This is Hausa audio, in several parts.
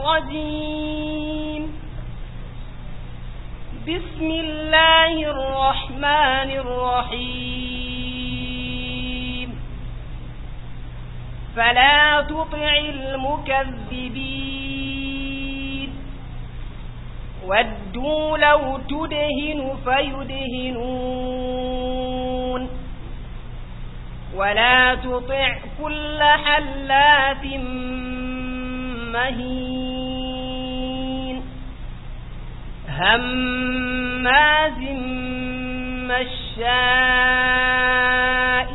الرجيم بسم الله الرحمن الرحيم فلا تطع المكذبين ودوا لو تدهن فيدهنون ولا تطع كل حلات مهين هماز مشاء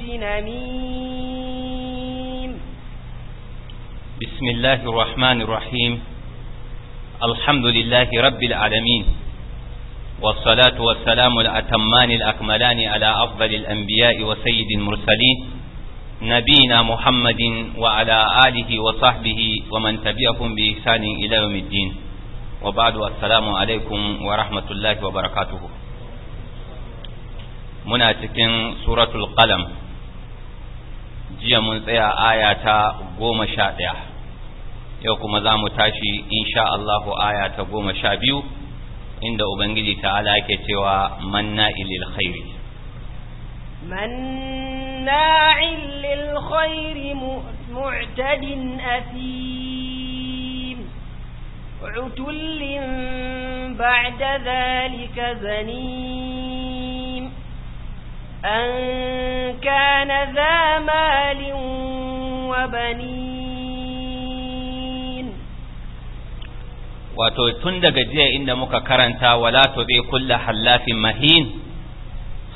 بنميم بسم الله الرحمن الرحيم الحمد لله رب العالمين والصلاة والسلام الأتمان الأكملان على أفضل الأنبياء وسيد المرسلين نبينا محمد وعلى آله وصحبه ومن تبعهم بإحسان إلى يوم الدين wa ba'du assalamu alaikum wa rahmatullahi wa barakatuhu muna cikin suratul qalam jiya mun tsaya aya ta goma sha ɗaya yau kuma za mu tashi insha Allahu aya ta goma sha biyu inda ubangiji ta'ala yake cewa manna ilil khairi ilil للخير mu'tadin عتل بعد ذلك زنيم أن كان ذا مال وبنين wato tun daga jiya inda muka karanta wala tobe kulla hallafin mahin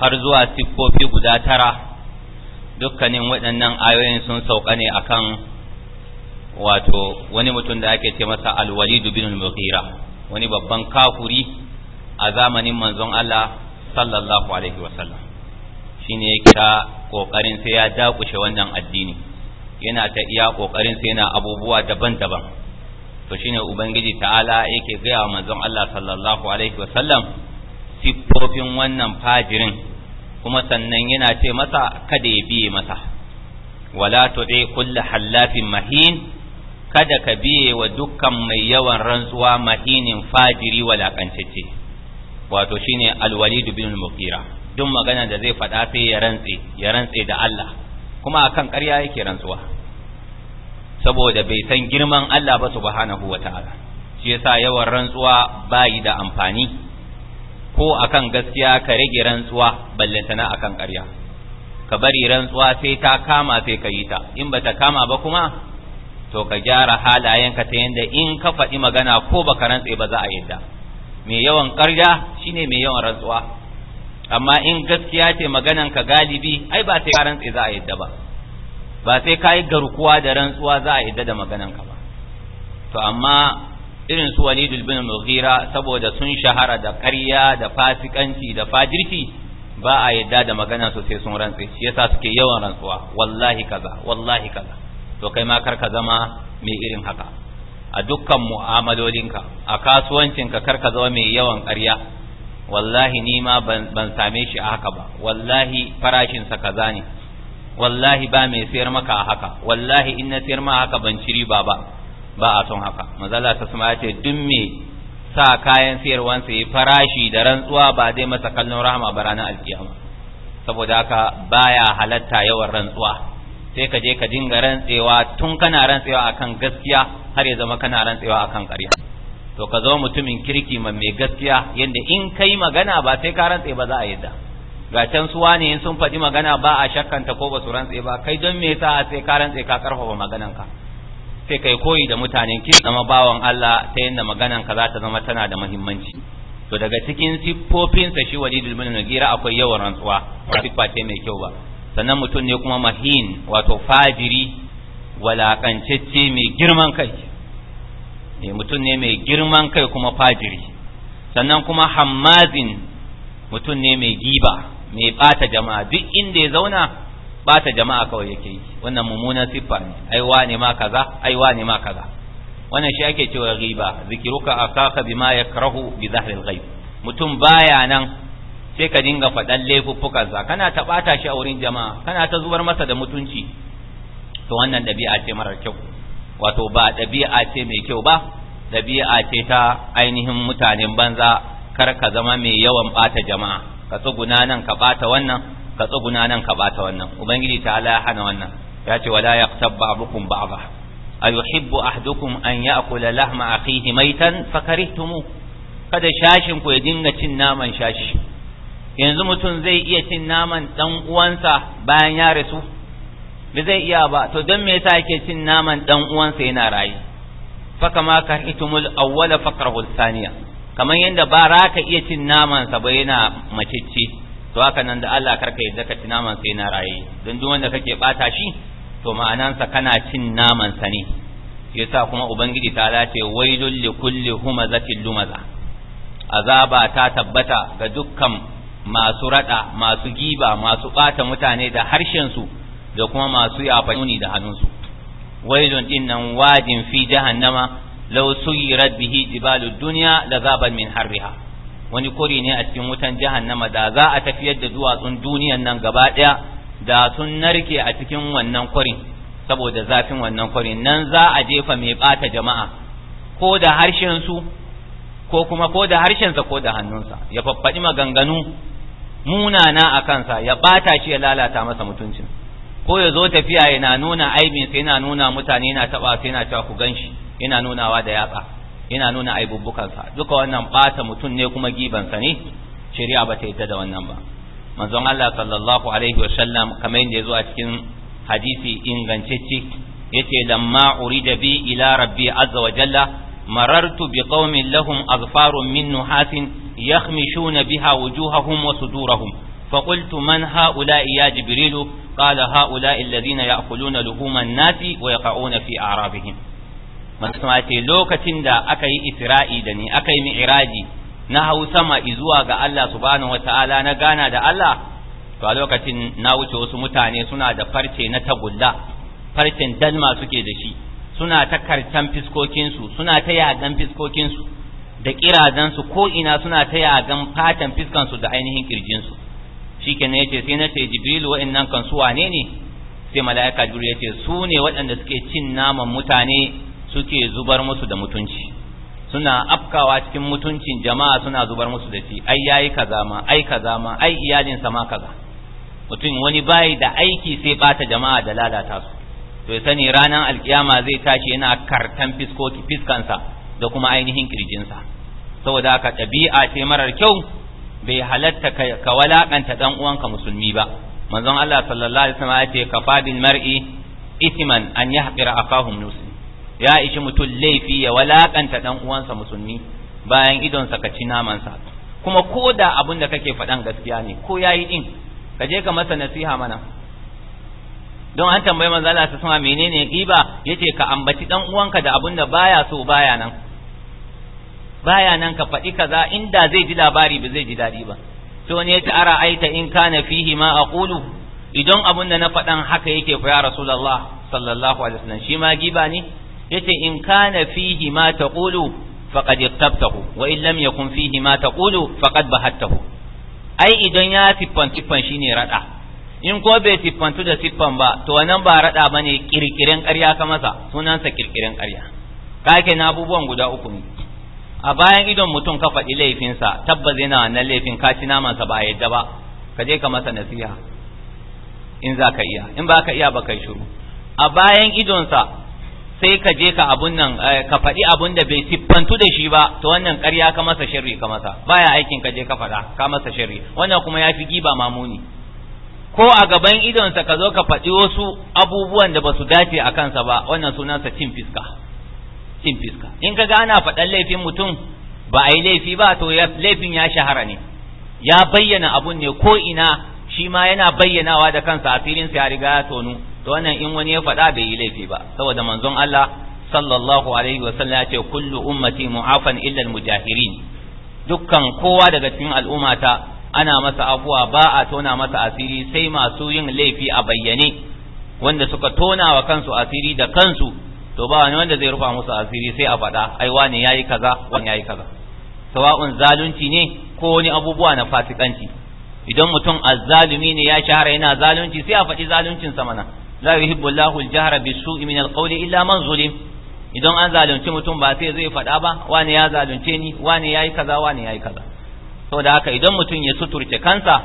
har zuwa siffofi guda tara dukkanin waɗannan ayoyin sun sauka ne akan wato wani mutum da ake ce masa alwalidu bin al-mughira wani babban kafuri a zamanin manzon Allah sallallahu alaihi wasallam shine ya kira kokarin sai ya dakushe wannan addini yana ta iya kokarin sai yana abubuwa daban-daban to shine ubangiji ta'ala yake gaya wa manzon Allah sallallahu alaihi wasallam siffofin wannan fajirin kuma sannan yana ce masa kada ya biye masa wala tu'i kullu hallafin mahin kada ka biye wa dukkan mai yawan rantsuwa mahinin fajiri walakantacce wato shine alwalid bin mukira duk magana da zai faɗa sai ya rantse ya rantse da Allah kuma akan ƙarya yake rantsuwa saboda bai san girman Allah ba subhanahu wataala shi yasa yawan rantsuwa bayi da amfani ko akan gaskiya ka rage rantsuwa ballantana akan ƙarya ka bari rantsuwa sai ta kama sai ka yi ta in ba ta kama ba kuma to ka gyara halayenka ta yanda in ka faɗi magana ko baka rantse ba za a yadda mai yawan ƙarya shine mai yawan rantsuwa amma in gaskiya ce maganan ka galibi ai ba sai ka rantsa za a yadda ba ba sai ka yi garkuwa da rantsuwa za a yadda da maganan ka ba to amma irin su walidul bin mughira saboda sun shahara da ƙarya da fasikanci da fajirki, ba a yadda da maganan su sai sun rantse shi yasa suke yawan rantsuwa wallahi kaza wallahi kaza to kai ma karka zama mai irin haka a dukkan mu'amalolinka a kasuwancinka kar ka zama mai yawan ƙarya wallahi ni ma ban same shi a haka ba wallahi farashinsa kaza ne wallahi ba mai sayar maka a haka wallahi in na sayar ma haka ban ci riba ba ba a son haka mazala ta suma ce duk me sa kayan sayarwansa ya farashi da rantsuwa ba dai masa kallon rahama ba ranar alkiyama saboda haka baya halatta yawan rantsuwa sai ka je ka dinga rantsewa tun kana rantsewa akan gaskiya har ya zama kana rantsewa akan ƙarya to ka zama mutumin kirki mai gaskiya yanda in kai magana ba sai ka rantse ba za a yadda ga can su wane in sun faɗi magana ba a shakkanta ko ba su rantse ba kai don me yasa sai ka rantse ka karfafa maganan ka sai kai koyi da mutanen ki zama bawan Allah ta yanda maganan ka za ta zama tana da muhimmanci to daga cikin siffofinsa shi walidul bin akwai yawan rantsuwa ba siffa ce mai kyau ba sannan mutum ne kuma mahin wato fajiri walakancacce mai girman kai eh, mutum ne mai girman kai kuma fajiri sannan kuma hammazin mutum ne mai giba mai bata jama'a duk inda ya zauna bata jama'a kawai yake yi wannan mummunan siffa ne aiwa ne ma kaza aiwa ne ma kaza wannan shi ake cewa riba zikiruka akaka bima yakrahu bi zahril ghaib mutum baya nan sai ka dinga faɗan laifuffukansa kana ta ɓata shi a wurin jama'a kana ta zubar masa da mutunci to wannan ɗabi'a ce marar kyau wato ba ɗabi'a ce mai kyau ba ɗabi'a ce ta ainihin mutanen banza kar ka zama mai yawan ɓata jama'a ka tsuguna nan ka ɓata wannan ka tsuguna nan ka ɓata wannan ubangiji ta ala hana wannan ya ce wala yaqtab ba'dukum ba'dha ayuhibbu ahdukum an akula lahma akhihi maitan fakarihtumu kada shashin ku ya dinga cin naman shashi yanzu mutum zai iya cin naman dan uwansa bayan ya rasu ba zai iya ba to don me yasa yake cin naman dan uwansa yana rayu fa kama karhitumul awwala fakrahu thaniya kamar yanda ba ra ka iya cin naman sa ba yana macicci to haka nan da Allah karka yadda ka ci naman sa yana rayu don duk wanda kake bata shi to ma'anansa kana cin naman sa ne yasa kuma ubangiji ta lace wailul likulli humazatil lumaza azaba ta tabbata ga dukkan masu rada masu giba masu bata mutane da harshen su da kuma masu yafani da hannunsu wailun din nan wadin fi jahannama law suyirat bihi jibalud dunya la zaban min harriha wani kori ne a cikin wutan jahannama da za a tafiyar da duwatsun duniyan nan gaba daya da sun narke a cikin wannan kwarin saboda zafin wannan kwarin nan za a jefa mai bata jama'a ko da harshen su ko kuma ko da sa ko da hannunsa ya faffaɗi maganganu munana a kansa ya bata shi ya lalata masa mutuncin ko ya zo tafiya yana nuna aibin sai yana nuna mutane yana taba sai yana cewa ku ganshi yana nunawa da yatsa yana nuna aibubbukansa duka wannan bata mutun ne kuma gibansa ne shari'a ba ta yadda da wannan ba manzon Allah sallallahu alaihi wa sallam kamar yadda yazo a cikin hadisi ingantacce yace lamma urida bi ila rabbi azza wa jalla marartu bi qaumin lahum azfarun min nuhasin يخمشون بها وجوههم وصدورهم فقلت من هؤلاء يا جبريل قال هؤلاء الذين يأكلون لحوم الناس ويقعون في أعرابهم masnuwace lokacin da aka yi isra'i da ni aka yi mi'iraji na hau sama izuwa ga Allah subhanahu wata'ala na gana da Allah to a lokacin na wuce wasu mutane suna da farce na tagulla farcen dalma suke da shi suna ta karcan fiskokinsu suna ta yagan fiskokinsu da kirazansu ko ina suna taya gan fatan fiskansu da ainihin kirjinsu shikenan yace sai na ce jibrilu wa'annan kan su wane ne sai mala'ika jibril yace su ne waɗanda suke cin naman mutane suke zubar musu da mutunci suna afkawa cikin mutuncin jama'a suna zubar musu da shi ai yayi kaza ma ai kaza ma ai sa ma kaza mutum wani bayi da aiki sai bata jama'a da lalata su to ya sani ranar alkiyama zai tashi yana kartan fiskoki fiskansa da kuma ainihin kirjinsa saboda haka ɗabi'a ce marar kyau bai halatta ka walaƙanta ɗan uwanka musulmi ba manzon Allah sallallahu alaihi wasallam ce kafa bil mar'i isman an yahqira akahu muslim ya ishi mutul laifi ya walaƙanta ɗan'uwansa uwansa musulmi bayan idon sa ka ci naman sa kuma ko da abin da kake faɗan gaskiya ne ko yayi din ka je ka masa nasiha mana don an tambayi manzo Allah alaihi wasallam menene giba yace ka ambaci ɗan uwanka da abin da baya so baya nan baya nan ka faɗi kaza inda zai ji labari ba zai ji daɗi ba to ne ta ara aita in kana fihi ma aqulu idan abun da na faɗan haka yake fa ya rasulullah sallallahu alaihi wasallam shi ma giba ne yace in kana fihi ma taqulu faqad iqtabtahu wa in lam yakun fihi ma taqulu faqad bahattahu ai idan ya siffan siffan shine rada in ko bai siffantu da siffan ba to wannan ba rada bane kirkiren ƙarya ka masa sunansa kirkiren ƙarya kake na abubuwan guda uku ne a bayan idon mutum ka faɗi laifinsa tabbas yana wannan laifin ka ci namansa ba a yadda ba ka je ka masa nasiha in za ka iya in ba ka iya ba kai shiru a bayan idonsa sai ka je ka abun nan eh, ka faɗi abun da bai siffantu da shi ba to wannan ƙarya ka masa sharri ka masa baya aikin ka je ka faɗa ka masa sharri wannan kuma ya fi giba mamuni ko a gaban idonsa ka zo ka faɗi wasu abubuwan da ba su dace a kansa ba wannan sunansa cin fiska cin fiska in kaga ana faɗan laifin mutum ba a yi laifi ba to laifin ya shahara ne ya bayyana abun ne ko ina shi ma yana bayyanawa da kansa a filin sa ya riga ya tonu to wannan in wani ya faɗa bai yi laifi ba saboda manzon Allah sallallahu alaihi wa sallam ya ce kullu ummati mu'afan illa al-mujahirin dukkan kowa daga cikin al'ummata ana masa abuwa ba a tona masa asiri sai masu yin laifi a bayyane wanda suka tona wa kansu asiri da kansu to ba wani wanda zai rufa musu asiri sai a faɗa ai wani yayi kaza wani yayi kaza sawa'un zalunci ne ko wani abubuwa na fasikanci idan mutum azzalumi ne ya shahara yana zalunci sai a faɗi zaluncin sa mana la yuhibbu Allahu al-jahra bis-su'i min al-qawli illa man zulim idan an zalunci mutum ba sai zai faɗa ba wani ya zalunce ni wani yayi kaza wani yayi kaza saboda haka idan mutum ya suturce kansa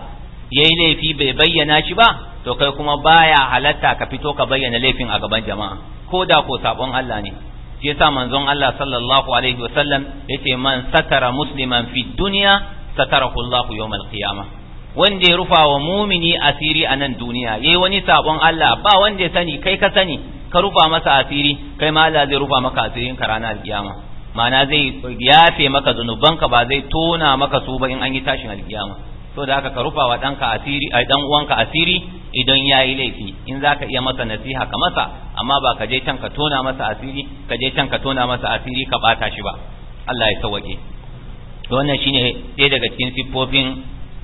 yayi laifi bai bayyana shi ba to kai kuma baya halatta ka fito ka bayyana laifin a gaban jama'a ko da ko sabon Allah ne shi yasa manzon Allah sallallahu alaihi wasallam yace man satara musliman fi dunya satara Allah yawmal qiyama wanda ya rufa wa mumini asiri a nan duniya yayi wani sabon Allah ba wanda ya sani kai ka sani ka rufa masa asiri kai ma Allah zai rufa maka asirin ka ranar al-kiyama ma'ana zai yafe maka zunubanka ba zai tona maka su ba in an yi tashin alkiyama so da haka ka rufa wa danka asiri ai dan uwanka asiri idan ya yi laifi in za ka iya masa nasiha ka masa amma ba ka je can ka tona masa asiri ka je can ka tona masa asiri ka bata shi ba Allah ya sauwaƙe to wannan shine ɗaya daga cikin siffofin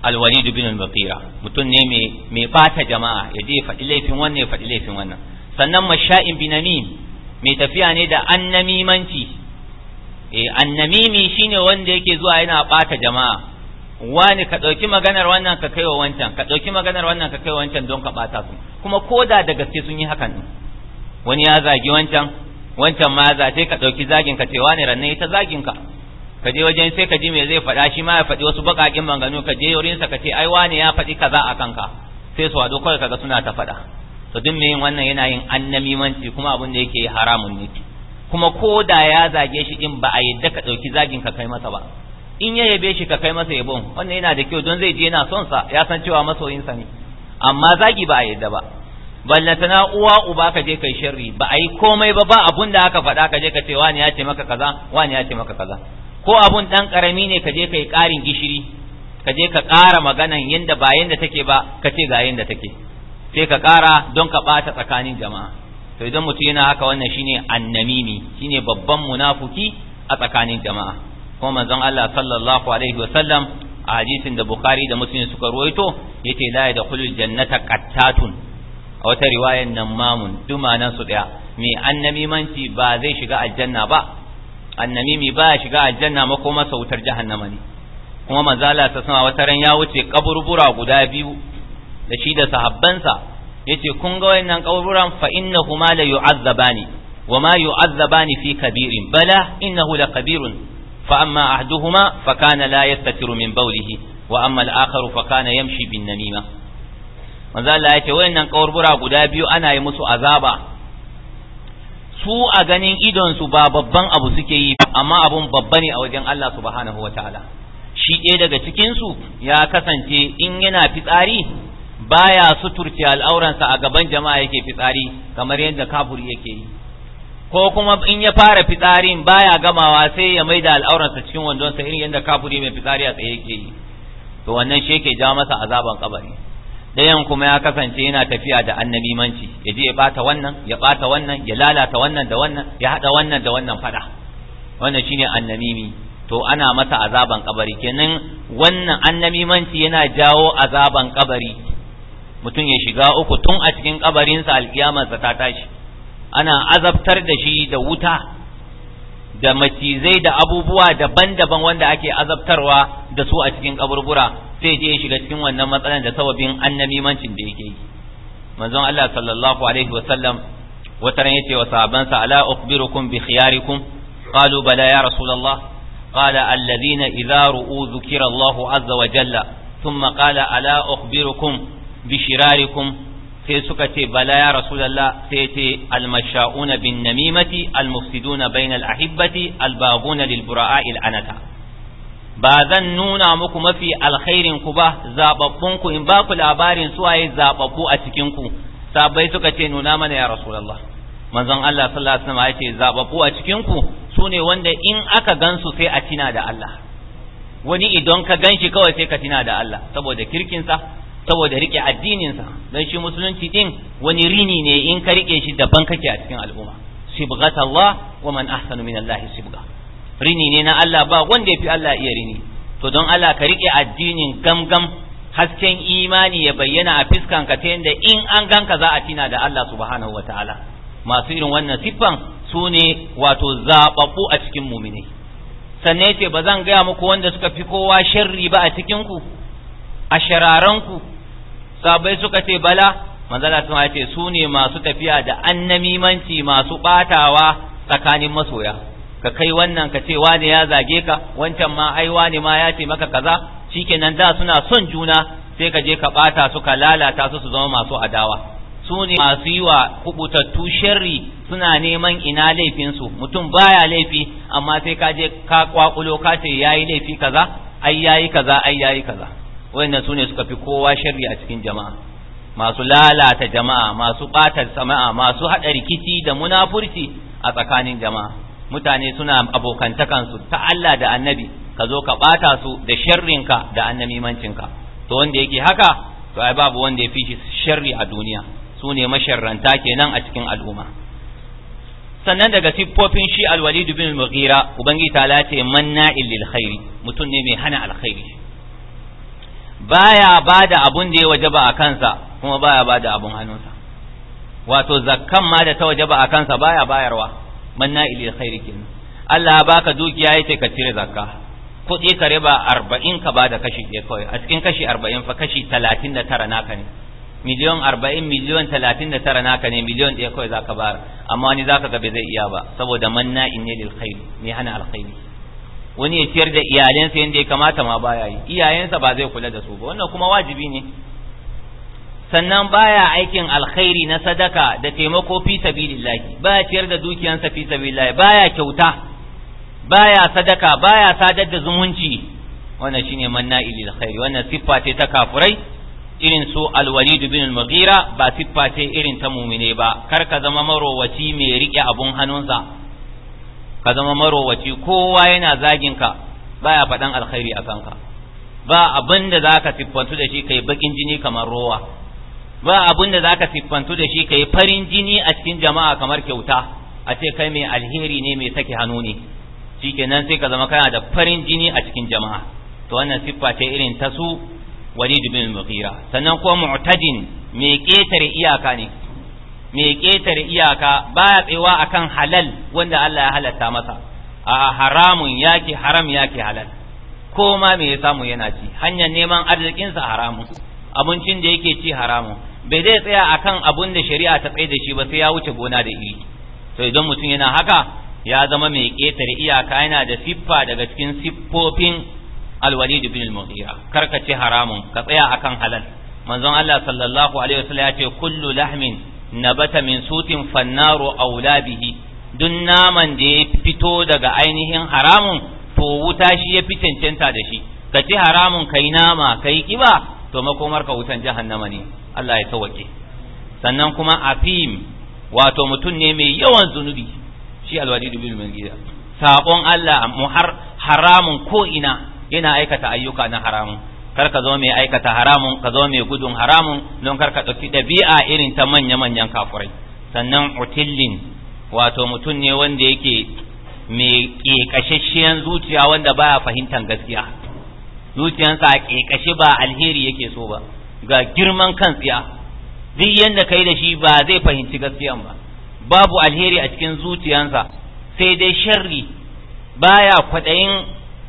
alwalid bin al-baqira mutum ne mai mai bata jama'a ya je faɗi laifin wannan ya faɗi laifin wannan sannan masha'in binamin mai tafiya ne da annamimanci eh annamimi shine wanda yake zuwa yana bata jama'a wani ka ɗauki maganar wannan ka kai wa wancan ka ɗauki maganar wannan ka kai wa wancan don ka ɓata su kuma ko da da gaske sun yi hakan ɗin wani ya zagi wancan wancan ma ya zace ka ɗauki zagin ka ce wani ranne ita zagin ka ka je wajen sai ka ji me zai faɗa shi ma ya faɗi wasu baƙaƙin manganu ka je wurinsa ka ce ai wani ya faɗi kaza a kanka sai su haɗu kawai kaga suna ta faɗa to duk mai yin wannan yana yin annamimanci kuma abin da yake haramun ne kuma ko da ya zage shi din ba a yadda ka ɗauki zagin ka kai masa ba in ya yabe shi ka kai masa yabon wannan yana da kyau don zai je yana son sa ya san cewa masoyinsa ne amma zagi ba a yadda ba ballantana uwa uba ka je kai sharri ba a yi komai ba ba abun da aka faɗa ka je ka ce wani ya ce maka kaza wani ya ce maka kaza ko abun dan karami ne ka je kai ƙarin gishiri ka je ka ƙara maganan yanda ba yanda take ba ka ce ga yanda take sai ka ƙara don ka ɓata tsakanin jama'a to idan mutum yana haka wannan shine annamimi shine babban munafuki a tsakanin jama'a Kuma manzon Allah sallallahu alaihi sallam a hadisin da Bukhari da Muslim suka ruwaito yace la yadkhulul jannata qattatun a wata riwayan nan mamun dumanan su daya mai manci ba zai shiga aljanna ba annamimi ba shiga aljanna ma kuma sautar jahannama ne kuma manzala ta sama wata ran ya wuce kaburbura guda biyu da shi da sahabbansa yace kun ga wayannan kaburburan fa innahuma la yu'azzabani wa ma yu'azzabani fi kabirin bala innahu la kabirun fa amma ahduhuma fa kana la yastatiru min bawlihi wa amma al-akhar yamshi Allah ya ce wayannan kawurbura guda biyu ana yi musu azaba su a ganin idon su ba babban abu suke yi amma abun babba ne a wajen Allah subhanahu wataala shi ɗaya daga cikin su ya kasance in yana fitsari baya suturce al'auransa a gaban jama'a yake fitsari kamar yadda kafuri yake yi ko kuma in ya fara fitsarin baya gamawa sai ya maida al'auransa cikin wandonsa irin yadda kafuri mai fitsari a tsaye yake yi to wannan shi yake ja masa azaban kabari ɗayan kuma ya kasance yana tafiya da annabi manci ya je ya bata wannan ya bata wannan ya lalata wannan da wannan ya hada wannan da wannan fada wannan shine annamimi to ana masa azaban kabari kenan wannan annamimanci yana jawo azaban kabari mutum ya shiga uku tun a cikin kabarinsa alkiyamarsa ta tashi ana azabtar da shi da wuta da macizai da abubuwa daban-daban wanda ake azabtarwa da su a cikin kaburbura sai je shiga cikin wannan matsalan da sababin annamimancin da yake yi manzon Allah sallallahu alaihi wa sallam wata ran yace wa sahabansa ala ukhbirukum bi khiyarikum qalu bala ya rasulullah qala alladhina idza ru'u dhukira Allahu azza wa jalla thumma qala ala ukhbirukum bi shirarikum sai suka ce bala ya rasulullah sai ce almashauna bin namimati almufsiduna bainal ahibbati albaguna lil bura'i ba zan nuna muku mafi alkhairin ku ba zababbun ku in ba ku labarin suwaye zababbu a cikin ku sabai suka ce nuna mana ya rasulullah manzon Allah sallallahu alaihi wasallam ya ce zababbu a cikin ku sune wanda in aka gansu sai a tina da Allah wani idan ka ganshi kawai sai ka tina da Allah saboda kirkinsa saboda rike addininsa don shi musulunci din wani rini ne in ka rike shi daban kake a cikin al'umma sibghat Allah wa man ahsanu min Allah sibga rini ne na Allah ba wanda yafi Allah iya rini to don Allah ka rike addinin gamgam hasken imani ya bayyana a fiskan ka ta yadda in an ganka za a tina da Allah subhanahu masu irin wannan siffan su ne wato zababbu a cikin muminai sannan ce ba zan gaya muku wanda suka fi kowa sharri ba a cikinku? A a shararanku sabai suka ce bala manzala sun ce su ne masu tafiya da annamimanci masu batawa tsakanin masoya ka kai wannan ka ce wani ya zage ka wancan ma ai wani ma ya ce maka kaza shikenan da suna son juna sai ka je ka bata su ka lalata su su zama masu adawa su ne masu yi wa kubutattu sharri suna neman ina laifin su mutum baya laifi amma sai ka je ka kwakulo ka ce yayi laifi kaza ai yayi kaza ai yayi kaza su sune suka fi kowa sharri a cikin jama'a masu lalata jama'a masu batar sama'a masu haɗa rikici da munafurci a tsakanin jama'a mutane suna abokantakansu ta Allah da Annabi ka zo ka bata su da sharrinka da annamimancinka to wanda yake haka to ai babu wanda ya fi shi sharri a duniya sune masharranta kenan a cikin al'umma sannan daga siffofin shi al-walidu bin mughira ubangiji ta lace manna'il lil khairi mutum ne mai hana alkhairi baya bada abun da ya wajaba a kansa kuma baya bada abun hannunsa wato zakkan ma da ta wajaba a kansa baya bayarwa manna ilil khairi kin Allah ya baka dukiya yace ka cire zakka kuɗi ka riba arba'in ka bada kashi ɗaya kawai a cikin kashi arba'in fa kashi talatin da tara naka ne miliyon arba'in miliyon talatin da tara naka ne miliyon ɗaya kawai zaka bayar amma wani zaka ga bai zai iya ba saboda manna inni lil khairi ne hana alkhairi wani ya ciyar da iyalansa yadda ya kamata ma baya yi iyayensa ba zai kula da su ba wannan kuma wajibi ne sannan baya aikin alkhairi na sadaka da taimako fi sabilillahi baya ciyar da dukiyansa fi sabilillahi baya kyauta baya sadaka baya sadar da zumunci wannan shine manna ilil khairi wannan siffa ce ta kafurai irin su alwalid bin al ba siffa ce irin ta mumine ba kar ka zama marowaci mai rike abun hannunsa ka zama marowaci kowa yana zagin ka baya faɗan alkhairi a kanka ba abin da za ka siffantu da shi kai bakin jini kamar rowa ba abin da za ka siffantu da shi kai farin jini a cikin jama'a kamar kyauta a ce kai mai alheri ne mai sake hannu ne kenan sai ka zama kana da farin jini a cikin jama'a to wannan siffa ce irin ta su walid bin mughira sannan kuma mu'tadin mai ketare iyaka ne mai ƙetare iyaka ba ya tsewa akan halal wanda Allah ya halatta masa a haramun yaki haram yaki halal ko ma me ya samu yana ci hanyar neman arzikinsa haramun abincin da yake ci haramun bai zai tsaya akan abun da shari'a ta tsaye da shi ba sai ya wuce gona da iri to idan mutum yana haka ya zama mai ƙetare iyaka yana da siffa daga cikin siffofin alwalid bin al-mughira karkace ci haramun ka tsaya akan halal manzon Allah sallallahu alaihi wasallam ya ce kullu lahmin nabata min sutin fannaru wula bihi duk naman da ya fito daga ainihin haramun to wuta shi ya fi cancanta da shi ka ci haramun ka yi nama ka yi kiba to makomar ka wutan jahannama ne Allah ya tawake sannan kuma afim wato mutum ne mai yawan zunubi shi alwadi dubil gida. sabon Allah mu har haramun ko ina yana aikata ayyuka na haramun kar ka zo mai aikata haramun ka zo mai gudun haramun don kar ka ɗauki ɗabi'a irin ta manya-manyan kafurai sannan otillin wato mutum ne wanda yake mai ƙeƙashashshiyar zuciya wanda baya fahimtar gaskiya zuciyansa a ƙeƙashe ba alheri yake so ba ga girman kan tsiya duk yadda kai da shi ba zai fahimci gaskiyan ba babu alheri a cikin zuciyansa sai dai sharri baya kwaɗayin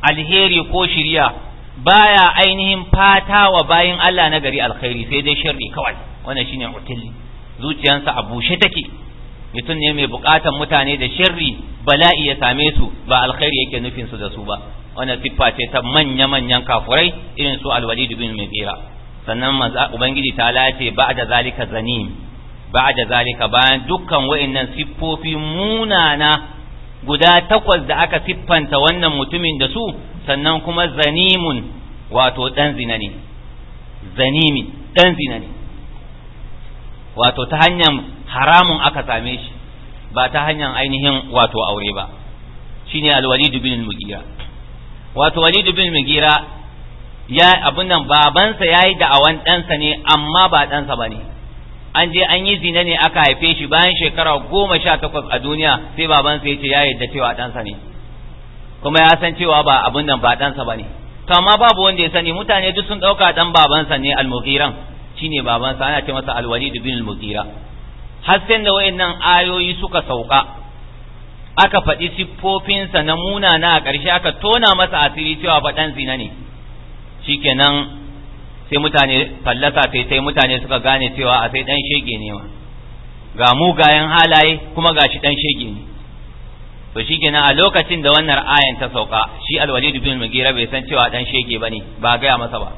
alheri ko shirya baya ainihin fata wa bayin Allah na gari alkhairi sai dai sharri kawai wannan shine utilli zuciyansa a bushe take mutum ne mai bukatan mutane da sharri bala'i ya same su ba alkhairi yake nufin su da su ba wannan siffa ce ta manya manyan kafurai irin su alwalid bin mughira sannan ubangiji ta lace ba'da zalika zanim ba'da zalika bayan dukkan wa'annan siffofi munana guda takwas da aka siffanta wannan mutumin da su sannan kuma zanimun wato dan zina ne zanimi dan zina ne wato ta hanyar haramun aka same shi ba ta hanyar ainihin wato aure ba shine alwalid bin mugira wato walid bin mugira ya abun nan babansa yayi da'awan ɗansa ne amma ba ɗansa bane an je an yi zina ne aka haife shi bayan shekara goma sha takwas a duniya sai babansa ya ce ya yadda cewa ɗansa ne kuma ya san cewa ba abin nan ba ɗansa ba ne to amma babu wanda ya sani mutane duk sun ɗauka ɗan babansa ne almugiran shine babansa ana ce masa al-walid bin al-mughira har sai da wayannan ayoyi suka sauka aka faɗi siffofinsa na munana a ƙarshe aka tona masa asiri cewa ba ɗan zina ne shikenan sai mutane fallasa sai sai mutane suka gane cewa a sai ɗan shege ne ma ga mugayen halaye kuma ga shi ɗan shege ne to shikenan a lokacin da wannan ayan ta sauka shi alwalid bin mugira bai san cewa dan shege bane ba gaya masa ba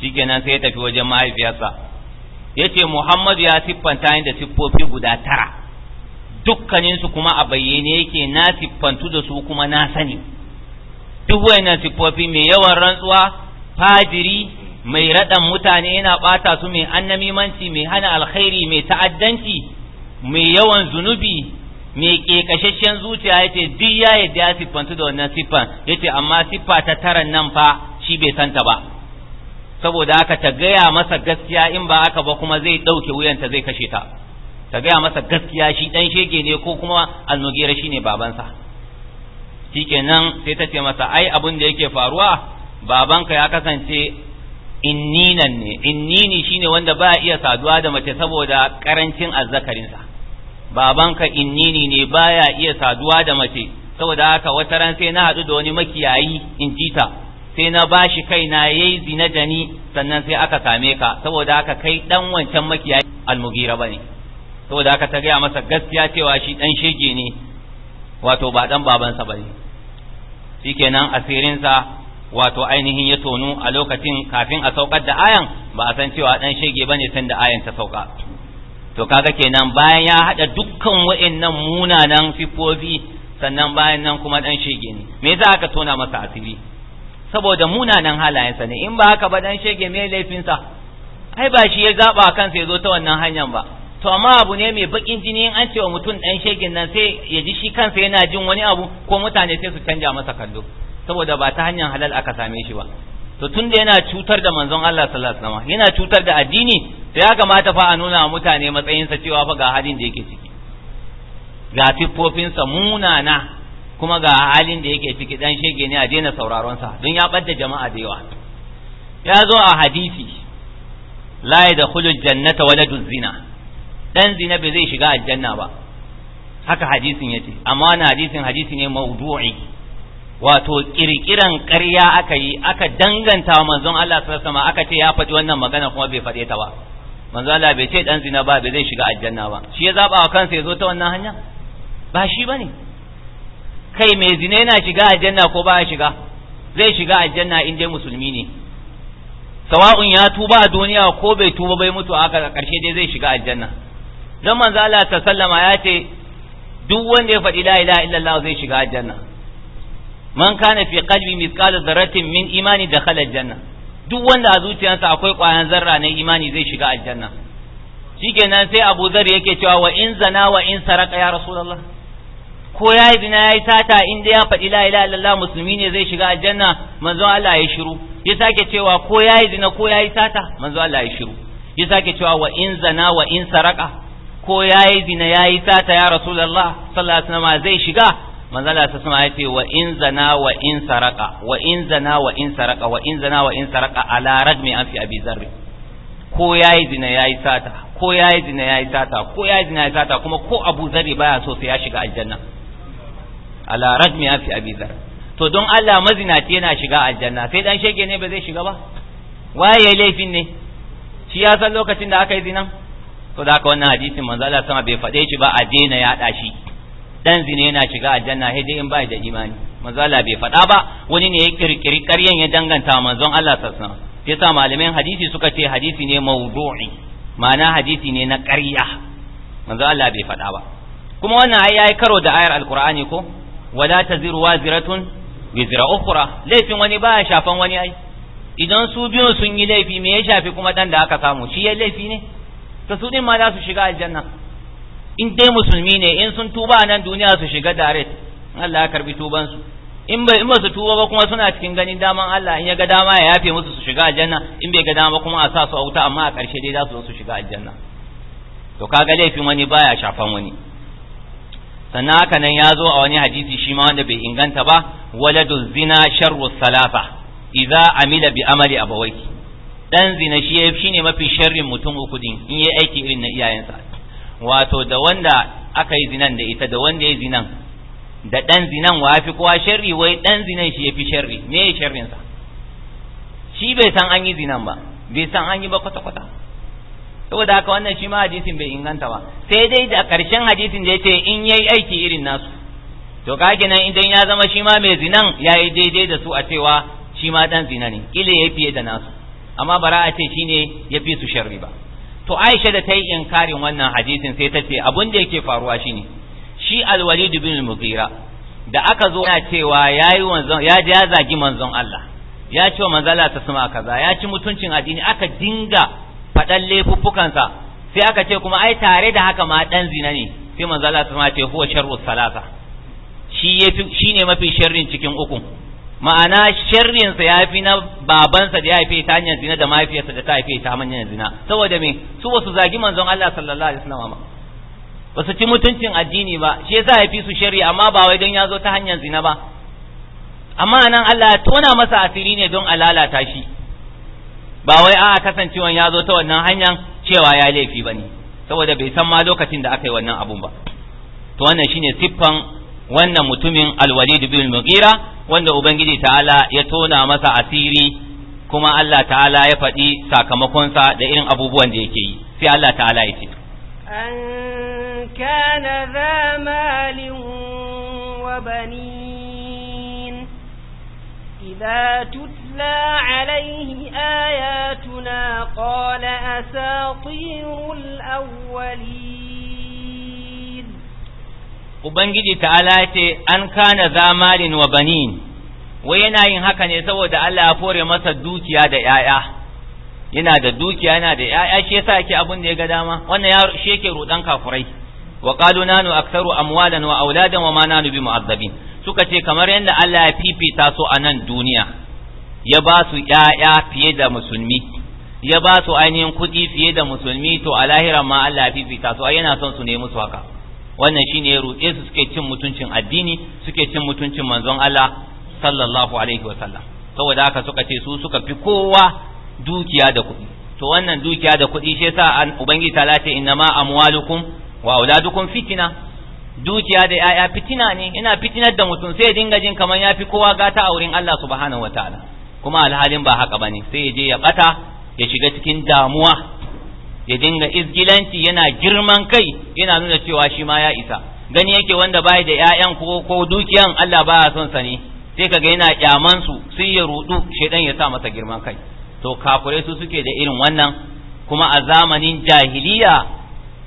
shikenan sai ya tafi wajen mahaifiyarsa yace Muhammadu ya siffanta da siffofi guda tara dukkanin su kuma a bayyane yake na siffantu da su kuma na sani duk wayannan siffofi mai yawan rantsuwa fajiri mai raɗan mutane yana ɓata su mai annamimanci mai hana alkhairi mai ta'addanci mai yawan zunubi mai kasasshen zuciya ce duk ya yadda ya siffantu da wannan siffan ya ce amma siffa ta taran nan fa shi bai santa ba saboda haka ta gaya masa gaskiya in ba aka ba kuma zai ɗauke wuyanta zai kashe ta ta gaya masa gaskiya shi ɗan shege ne ko kuma annogera shi ne babansa shikenan sai ta ce masa ai abin da yake faruwa babanka ya kasance inninan ne innini shine wanda ba iya saduwa da mace saboda karancin azzakarinsa babanka innini ne baya iya saduwa da mace saboda haka wata ran sai na haɗu da wani makiyayi in ji ta sai na bashi kai na yayi zina da ni sannan sai aka same ka saboda haka kai dan wancan makiyayi almugira bane saboda haka ta gaya masa gaskiya cewa shi dan shege ne wato ba dan babansa bane shikenan asirinsa wato ainihin ya tono a lokacin kafin a saukar da ayan ba a san cewa dan shege bane tun da ayan ta sauka to kaga kenan bayan ya hada dukkan wa'annan munanan sifofi sannan bayan nan kuma dan shege ne me yasa aka tona masa asiri saboda munanan halayensa ne in ba haka ba dan shege me laifinsa ai ba shi ya zaba kansa ya zo ta wannan hanyar ba to amma abu ne mai bakin jini in an ce wa mutum dan shegen nan sai ya ji shi kansa yana jin wani abu ko mutane sai su canja masa kallo saboda ba ta hanyar halal aka same shi ba to tun da yana cutar da manzon Allah sallallahu alaihi wasallam yana cutar da addini to ya kamata fa a nuna wa mutane matsayinsa cewa fa ga halin da yake ciki ga fiffofinsa munana kuma ga halin da yake ciki dan shege ne a daina sauraron sa don ya ɓadda jama'a da yawa ya zo a hadisi la yadkhulu jannata waladuz zina dan zina bai zai shiga aljanna ba haka hadisin yace amma wannan hadisin hadisi ne mawdu'i wato kirkiran ƙarya aka yi aka danganta wa manzon Allah sallallahu alaihi aka ce ya faɗi wannan magana kuma bai faɗe ta ba manzon Allah bai ce dan zina ba bai zai shiga aljanna ba shi ya zaba wa kansa ya zo ta wannan hanya ba shi bane kai mai zina yana shiga aljanna ko ba shiga zai shiga aljanna in dai musulmi ne sawa'un ya tuba a duniya ko bai tuba bai mutu a haka karshe dai zai shiga aljanna dan manzon Allah sallallahu alaihi ya ce duk wanda ya faɗi la ilaha illallah zai shiga aljanna man kana fi qalbi mithqala dharratin min imani dakhala aljanna duk wanda a zuciyarsa akwai ƙwayan zarra na imani zai shiga aljanna shikenan sai Abu Dharr yake cewa wa in zana wa in saraka ya rasulullah ko ya yi zina ya yi sata in dai ya faɗi la ilaha illallah musulmi ne zai shiga aljanna manzo Allah ya shiru ya sake cewa ko ya yi zina ko ya yi sata manzo Allah ya shiru ya sake cewa wa in zana wa in saraka ko ya yi zina ya yi sata ya rasulullah sallallahu alaihi wasallam zai shiga manzala ta sama ya ce wa in zana wa in saraka wa in zana wa in saraka wa in zana wa in saraka ala rajmi an fi abi zarri ko yayi zina yayi sata ko yayi zina yayi sata ko yayi zina yayi sata kuma ko abu zarri baya so sai ya shiga aljanna ala rajmi an fi abi zarri to don Allah mazinaci yana shiga aljanna sai dan shege ne ba zai shiga ba waye laifin ne shi ya san lokacin da aka yi zinan to da haka wannan hadisin manzala sama bai faɗe shi ba a daina yaɗa shi dan zina yana shiga aljanna sai dai in bai da imani manzo Allah bai faɗa ba wani ne ya kirkiri ƙaryan ya danganta manzon Allah sassan yasa malamin hadisi suka ce hadisi ne mawdu'i ma'ana hadisi ne na ƙarya manzo Allah bai faɗa ba kuma wannan ai yayi karo da ayar alqur'ani ko wala taziru waziratun wizra ukhra laifin wani baya shafan wani ai idan su biyu sun yi laifi me ya shafi kuma dan da aka samu shi ya laifi ne to su din ma za su shiga aljanna in dai musulmi ne in sun tuba nan duniya su shiga direct Allah ya karbi tuban su in bai in su tuba ba kuma suna cikin ganin daman Allah in ya ga dama ya yafe musu su shiga aljanna in bai ga dama ba kuma a sa su a wuta amma a ƙarshe dai za su su shiga aljanna to kaga laifin wani baya shafan wani sannan haka nan ya zo a wani hadisi shi ma wanda bai inganta ba waladu zina sharru salafa idza amila bi amali abawaihi dan zina shi shine mafi sharrin mutum uku din in yayi aiki irin na iyayensa wato da wanda aka yi zinan da ita da wanda ya zinan da ɗan zinan wa fi kowa sharri wai ɗan zinan shi ya fi sharri me ya sharrinsa shi bai san an yi zinan ba bai san an yi ba kwata-kwata saboda haka wannan shi ma hadisin bai inganta ba sai dai da ƙarshen hadisin da ya ce in yayi aiki irin nasu to kage nan idan ya zama shi ma mai zinan ya yi daidai da su a cewa shi ma ɗan zina ne ƙila ya fiye da nasu amma bara a ce shi ne ya fi su sharri ba to Aisha da ta yi inkarin wannan hadisin sai ta ce abin da yake faruwa shine shi al bin da aka zo yana cewa yayi ya ji ya zagi manzon Allah ya ce wa Manzala ta suma kaza ya ci mutuncin addini aka dinga fadan sa sai aka ce kuma ai tare da haka ma dan zina ne sai manzala ta ce huwa sharru salasa shi yafi shine mafi sharrin cikin uku ma'ana sharrinsa ya fi na babansa da ya haife ta hanyar zina da mahaifiyarsa da ta haife ta hanyar zina saboda me su wasu zagi manzon Allah sallallahu alaihi wasallam ba su ci mutuncin addini ba shi yasa haifi su shari'a amma ba wai don ya zo ta hanyar zina ba amma nan Allah ya tona masa asiri ne don alalata shi ba wai a'a kasancewan ya zo ta wannan hanyar cewa ya laifi bane saboda bai san ma lokacin da aka yi wannan abun ba to wannan shine siffan wannan mutumin alwalid bin mugira wanda ubangiji ta'ala ya tona masa asiri kuma Allah ta'ala ya faɗi sakamakonsa da irin abubuwan da yake yi sai Allah ta'ala ya ce an kana za wa banin idza tutla alaihi ayatuna qala asatirul awwali. ubangiji ta'ala ce an kana zamalin wa banin wai yana yin haka ne saboda Allah ya fore masa dukiya da yaya yana da dukiya yana da yaya shi yasa ake abin da ya ga dama wannan ya shi yake rudan kafurai wa qalu nanu a amwalan wa auladan wa ma nanu bi mu'azzabin suka ce kamar yadda Allah ya fifita su a nan duniya ya ba su yaya fiye da musulmi ya ba su ainihin kuɗi fiye da musulmi to a lahira ma Allah ya fifita su ai yana son su nemi su haka wannan shine ya roƙe su suke cin mutuncin addini suke cin mutuncin manzon Allah sallallahu alaihi wa sallam saboda haka suka ce su suka fi kowa dukiya da kuɗi to wannan dukiya da kuɗi shi yasa an ubangiji ta lati innama amwalukum wa auladukum fitina dukiya da yaya fitina ne ina fitinar da mutum sai ya dinga jin kamar ya fi kowa gata a wurin Allah subhanahu wataala kuma alhalin ba haka bane sai ya je ya bata ya shiga cikin damuwa ya dinga izgilanci yana girman kai yana nuna cewa shi ma ya isa gani yake wanda bai da ƴaƴan ko ko dukiyan Allah baya son sa ne sai kaga yana ƙyaman su sai ya rudu shedan ya sa masa girman kai to kafirai su suke da irin wannan kuma a zamanin jahiliya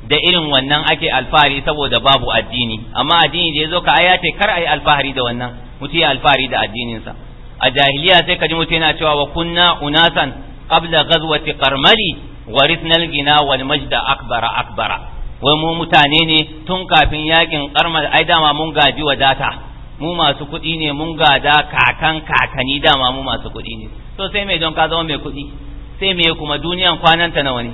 da irin wannan ake alfahari saboda babu addini amma addini da yazo ka ayate kar kar ayi alfahari da wannan mutum alfahari da addinin sa a jahiliya sai kaji mutum yana cewa wa kunna unasan qabla ghazwati qarmali warithna al-gina wal majda akbara akbara wai mu mutane ne tun kafin yakin karma ai dama mun gaji wadata mu masu kuɗi ne mun gada kakan kakani dama mu masu kuɗi ne to sai mai don ka zama mai kuɗi sai mai kuma duniyan kwanan ta nawa ne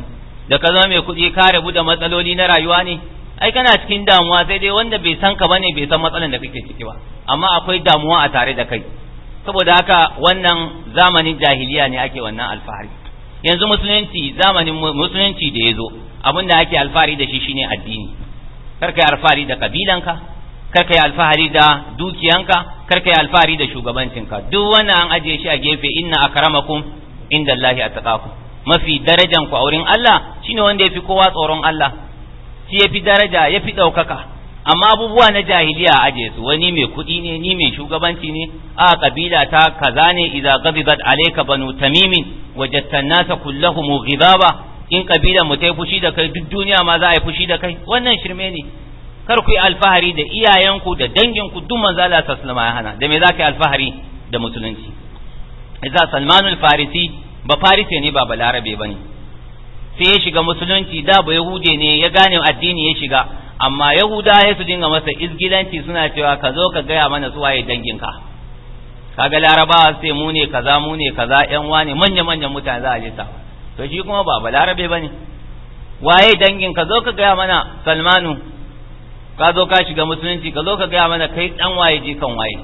da ka zama mai kuɗi ka rabu da matsaloli na rayuwa ne ai kana cikin damuwa sai dai wanda bai san ka bane bai san matsalan da kake ciki ba amma akwai damuwa a tare da kai saboda haka wannan zamanin jahiliya ne ake wannan alfahari yanzu musulunci zamanin musulunci da ya zo abin da ake alfahari da shi shine addini kar yi alfahari da kabilanka kar yi alfahari da dukiyanka kar ka yi alfahari da shugabancinka duk wani an ajiye shi a gefe inna akramakum inda Allahi ku mafi darajan ku a wurin Allah shine wanda yafi kowa tsoron Allah shi yafi daraja ya fi ɗaukaka. amma abubuwa na jahiliya a aje su wani mai kuɗi ne ni mai shugabanci ne a kabila ta kaza ne idza ghadibat alayka banu tamimin wajadta nasa kulluhum ghibaba in kabila mu ta fushi da kai duk duniya ma za a yi fushi da kai wannan shirme ne kar ku yi alfahari da iyayenku da danginku duk manzo Allah ya hana da me za ka yi alfahari da musulunci idza salmanul farisi ba farisi ne ba balarabe bane sai ya shiga musulunci da ba yahude ne ya gane addini ya shiga amma yahuda ya su dinga masa izgilanci suna cewa ka zo ka gaya mana su waye danginka kaga larabawa sai mu ne kaza mu ne kaza yan wane manya manyan mutane za a lissa to shi kuma ba ba larabe bane waye dangin ka zo ka gaya mana salmanu ka zo ka shiga musulunci ka zo ka gaya mana kai dan waye je kan waye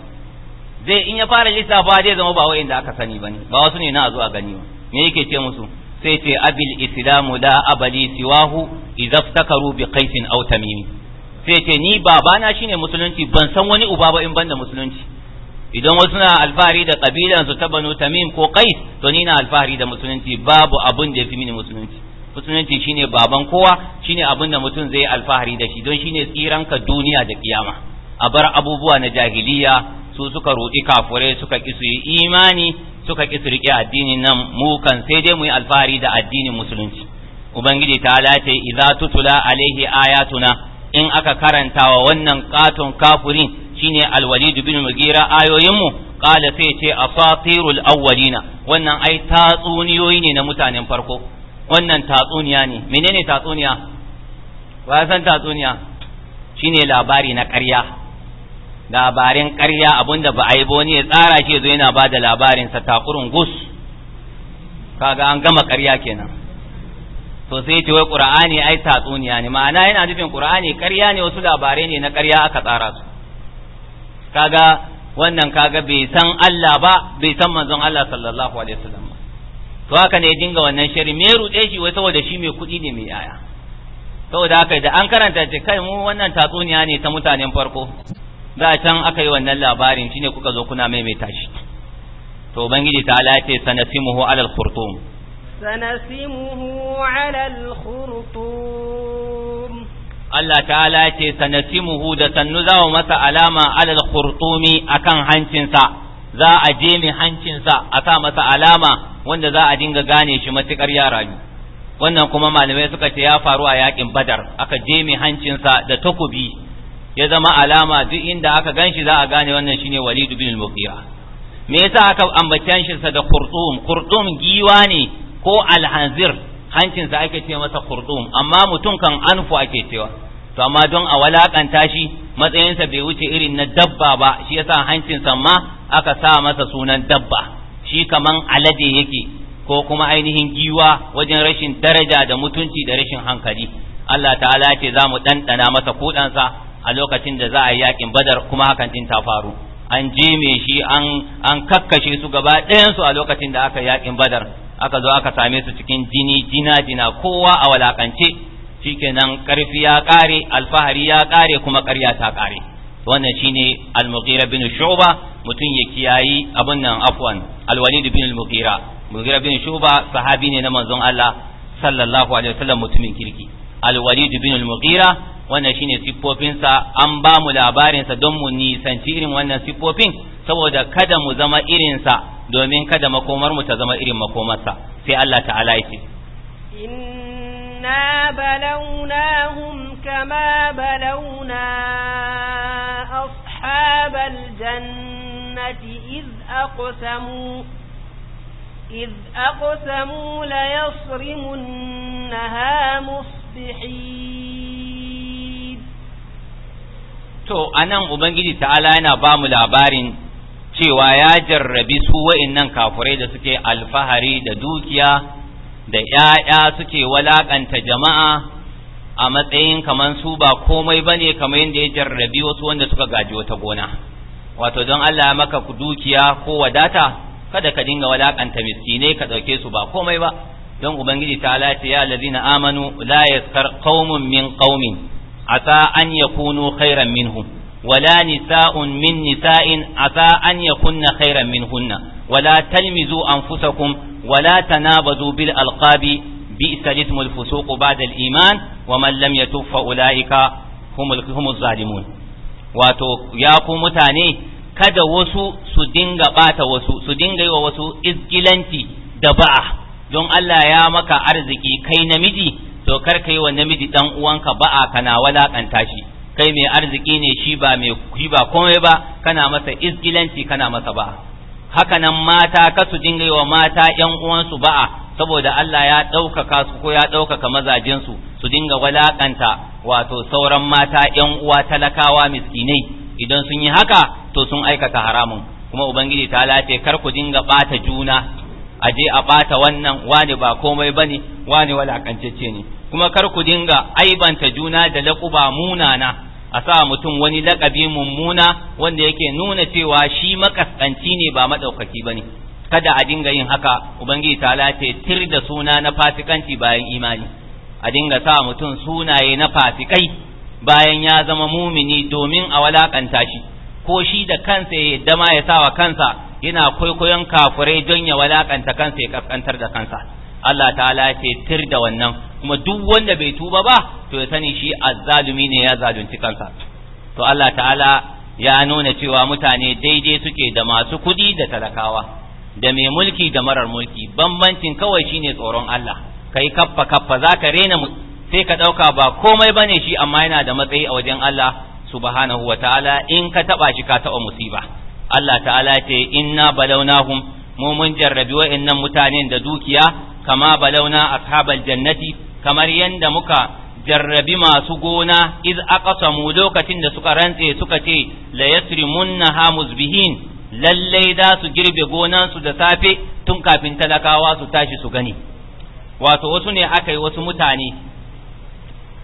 zai in ya fara lissafa zai zama ba wa'inda aka sani bane ba wasu ne na a zo a gani me yake ce musu sai ce abil islamu la abali siwahu idza iftakaru bi qaisin aw tamim sai ce ni babana shine musulunci ban san wani uba ba in banda musulunci idan wasu na alfahari da kabilan su ta banu tamim ko qais to ni na alfahari da musulunci babu abun da yafi mini musulunci musulunci shine baban kowa shine abin da mutum zai alfahari da shi don shine tsiran ka duniya da kiyama a bar abubuwa na jahiliya su suka roƙi kafure suka ki su imani suka ki su riƙe addinin nan mu kan sai dai mu yi alfahari da addinin musulunci ubangiji ta lace idza tutula alaihi ayatuna in aka karantawa wannan katon kafirin shine alwalid bin mugira ayoyin mu qala sai ce asatirul awwalina wannan ai tatsuniyoyi ne na mutanen farko wannan tatsuniya ne menene tatsuniya wa san tatsuniya shine labari na ƙarya labarin ƙarya abinda ba a yi ba ya tsara shi zo yana ba da labarinsa takurin gus kaga an gama ƙarya kenan to sai ce wai ƙur'ani ai tatsuniya ne ma'ana yana nufin ƙura'ani ƙarya ne wasu labarai ne na ƙarya aka tsara su kaga wannan kaga bai san Allah ba bai san manzon Allah sallallahu alaihi wasallam ba to haka ne dinga wannan shari'a. me ruɗe shi wai saboda shi mai kuɗi ne mai yaya saboda haka idan an karanta ce kai mu wannan tatsuniya ne ta mutanen farko da can aka yi wannan labarin shine kuka zo kuna maimaita shi to ubangiji ta ala ce sanasimuhu alal khurtum sanasimuhu alal khurtum Allah ta'ala ce sanasimuhu da sannu za mu masa alama alal khurtumi akan hancinsa za a je mai hancinsa a sa masa alama wanda za a dinga gane shi matukar yara rayu wannan kuma malamai suka ce ya faru a yakin badar aka je mai hancinsa da takobi ya zama alama duk inda aka ganshi za a gane wannan shine Walid bin al-Mughira me yasa aka ambatan shi da qurtum qurtum giwa ne ko al-hanzir hancin sa ake ce masa qurtum amma mutum kan anfu ake cewa to amma don a walakanta shi matsayin sa bai wuce irin na dabba ba shi yasa hancin sa ma aka sa masa sunan dabba shi kaman alade yake ko kuma ainihin giwa wajen rashin daraja da mutunci da rashin hankali Allah ta'ala ce za mu ɗanɗana masa kuɗansa a lokacin da za a yi yakin badar kuma hakan din ta faru an jime shi an an kakkashe su gaba ɗayan su a lokacin da aka yakin badar aka zo aka same su cikin jini jina jina kowa a walakance shikenan karfi ya kare alfahari ya kare kuma ƙarya ta kare wannan shine al-mughira bin shuba mutum ya kiyayi abun nan afwan al-walid bin al-mughira mughira bin shuba sahabi ne na manzon Allah sallallahu alaihi wasallam mutumin kirki al walidu bin al-mughira wannan shine siffofinsa an ba mu labarinsa don mu nisanci irin wannan siffofin saboda kada mu zama irinsa domin kada makomar mu ta zama irin makomarsa sai Allah ta'ala yake إنا بلوناهم كما بلونا أصحاب الجنة إذ أقسموا إذ أقسموا ليصرمنها مصر مصبحين to anan ubangiji ta'ala yana ba mu labarin cewa ya jarrabi su wayannan kafurai da suke alfahari da dukiya da ‘ya'ya suke walakanta jama'a a matsayin kaman su ba komai ba ne kamar yadda ya jarrabi wasu wanda suka gaji wata gona wato don Allah ya maka dukiya ko wadata kada ka dinga walakanta miskinai ka ɗauke su ba komai ba don Ubangiji ta lati ya lazina amanu la yaskar qaumun min qaumin ata an yakunu khairan minhum wala nisa'un min nisa'in ata an yakunna khairan minhunna wala talmizu anfusakum wala tanabazu bil alqabi bi'sa ismul fusuq ba'da al-iman wa man lam yatub ulaika humul humuz zalimun wato ya ku mutane kada wasu su dinga bata wasu su dinga yi wa wasu izgilanci da ba'a don Allah ya maka arziki kai namiji to kar kai wa namiji dan uwanka ba'a kana walakanta shi kai mai arziki ne shi ba mai shi ba komai ba kana masa izgilanci kana masa ba haka nan mata kasu dinga wa mata yan uwansu ba'a saboda Allah ya ɗaukaka su ko ya ɗaukaka mazajensu su dinga walakanta wato sauran mata yan uwa talakawa miskinai idan sun yi haka to sun aikata haramun kuma ubangiji ta lafiya kar ku dinga bata juna a je a bata wannan wani ba komai bane wani walakancece ne kuma kar ku dinga aibanta juna da laƙuba munana a sa mutum wani laƙabi mummuna wanda yake nuna cewa shi makaskanci ne ba madaukaki bane kada a dinga yin haka ubangiji ta lace tir da suna na fasikanci bayan imani a dinga sa mutum sunaye na fasikai bayan ya zama mumini domin a walakanta shi ko shi da kansa ya yadda ma ya sa wa kansa yana kwaikwayon kafurai don ya walakanta kansa ya kaskantar da kansa Allah ta'ala ce tir da wannan kuma duk wanda bai tuba ba to ya sani shi azzalumi ne ya zalunci kansa to Allah ta'ala ya nuna cewa mutane daidai suke da masu kudi da talakawa da mai mulki da marar mulki bambancin kawai shine tsoron Allah kai kaffa kaffa zaka rena mu sai ka dauka ba komai bane shi amma yana da matsayi a wajen Allah subhanahu Ta'ala in ka taba shi ka taba musiba Allah ta'ala ce inna balawnahum mu mun jarrabi wa'annan mutanen da dukiya kama balauna ashabal jannati kamar yadda muka jarrabi masu gona iz aqsamu lokacin da suka rantse suka ce la Hamus muzbihin lallai da su girbe gonansu da safe tun kafin talakawa su tashi su gani wato wasu ne aka yi wasu mutane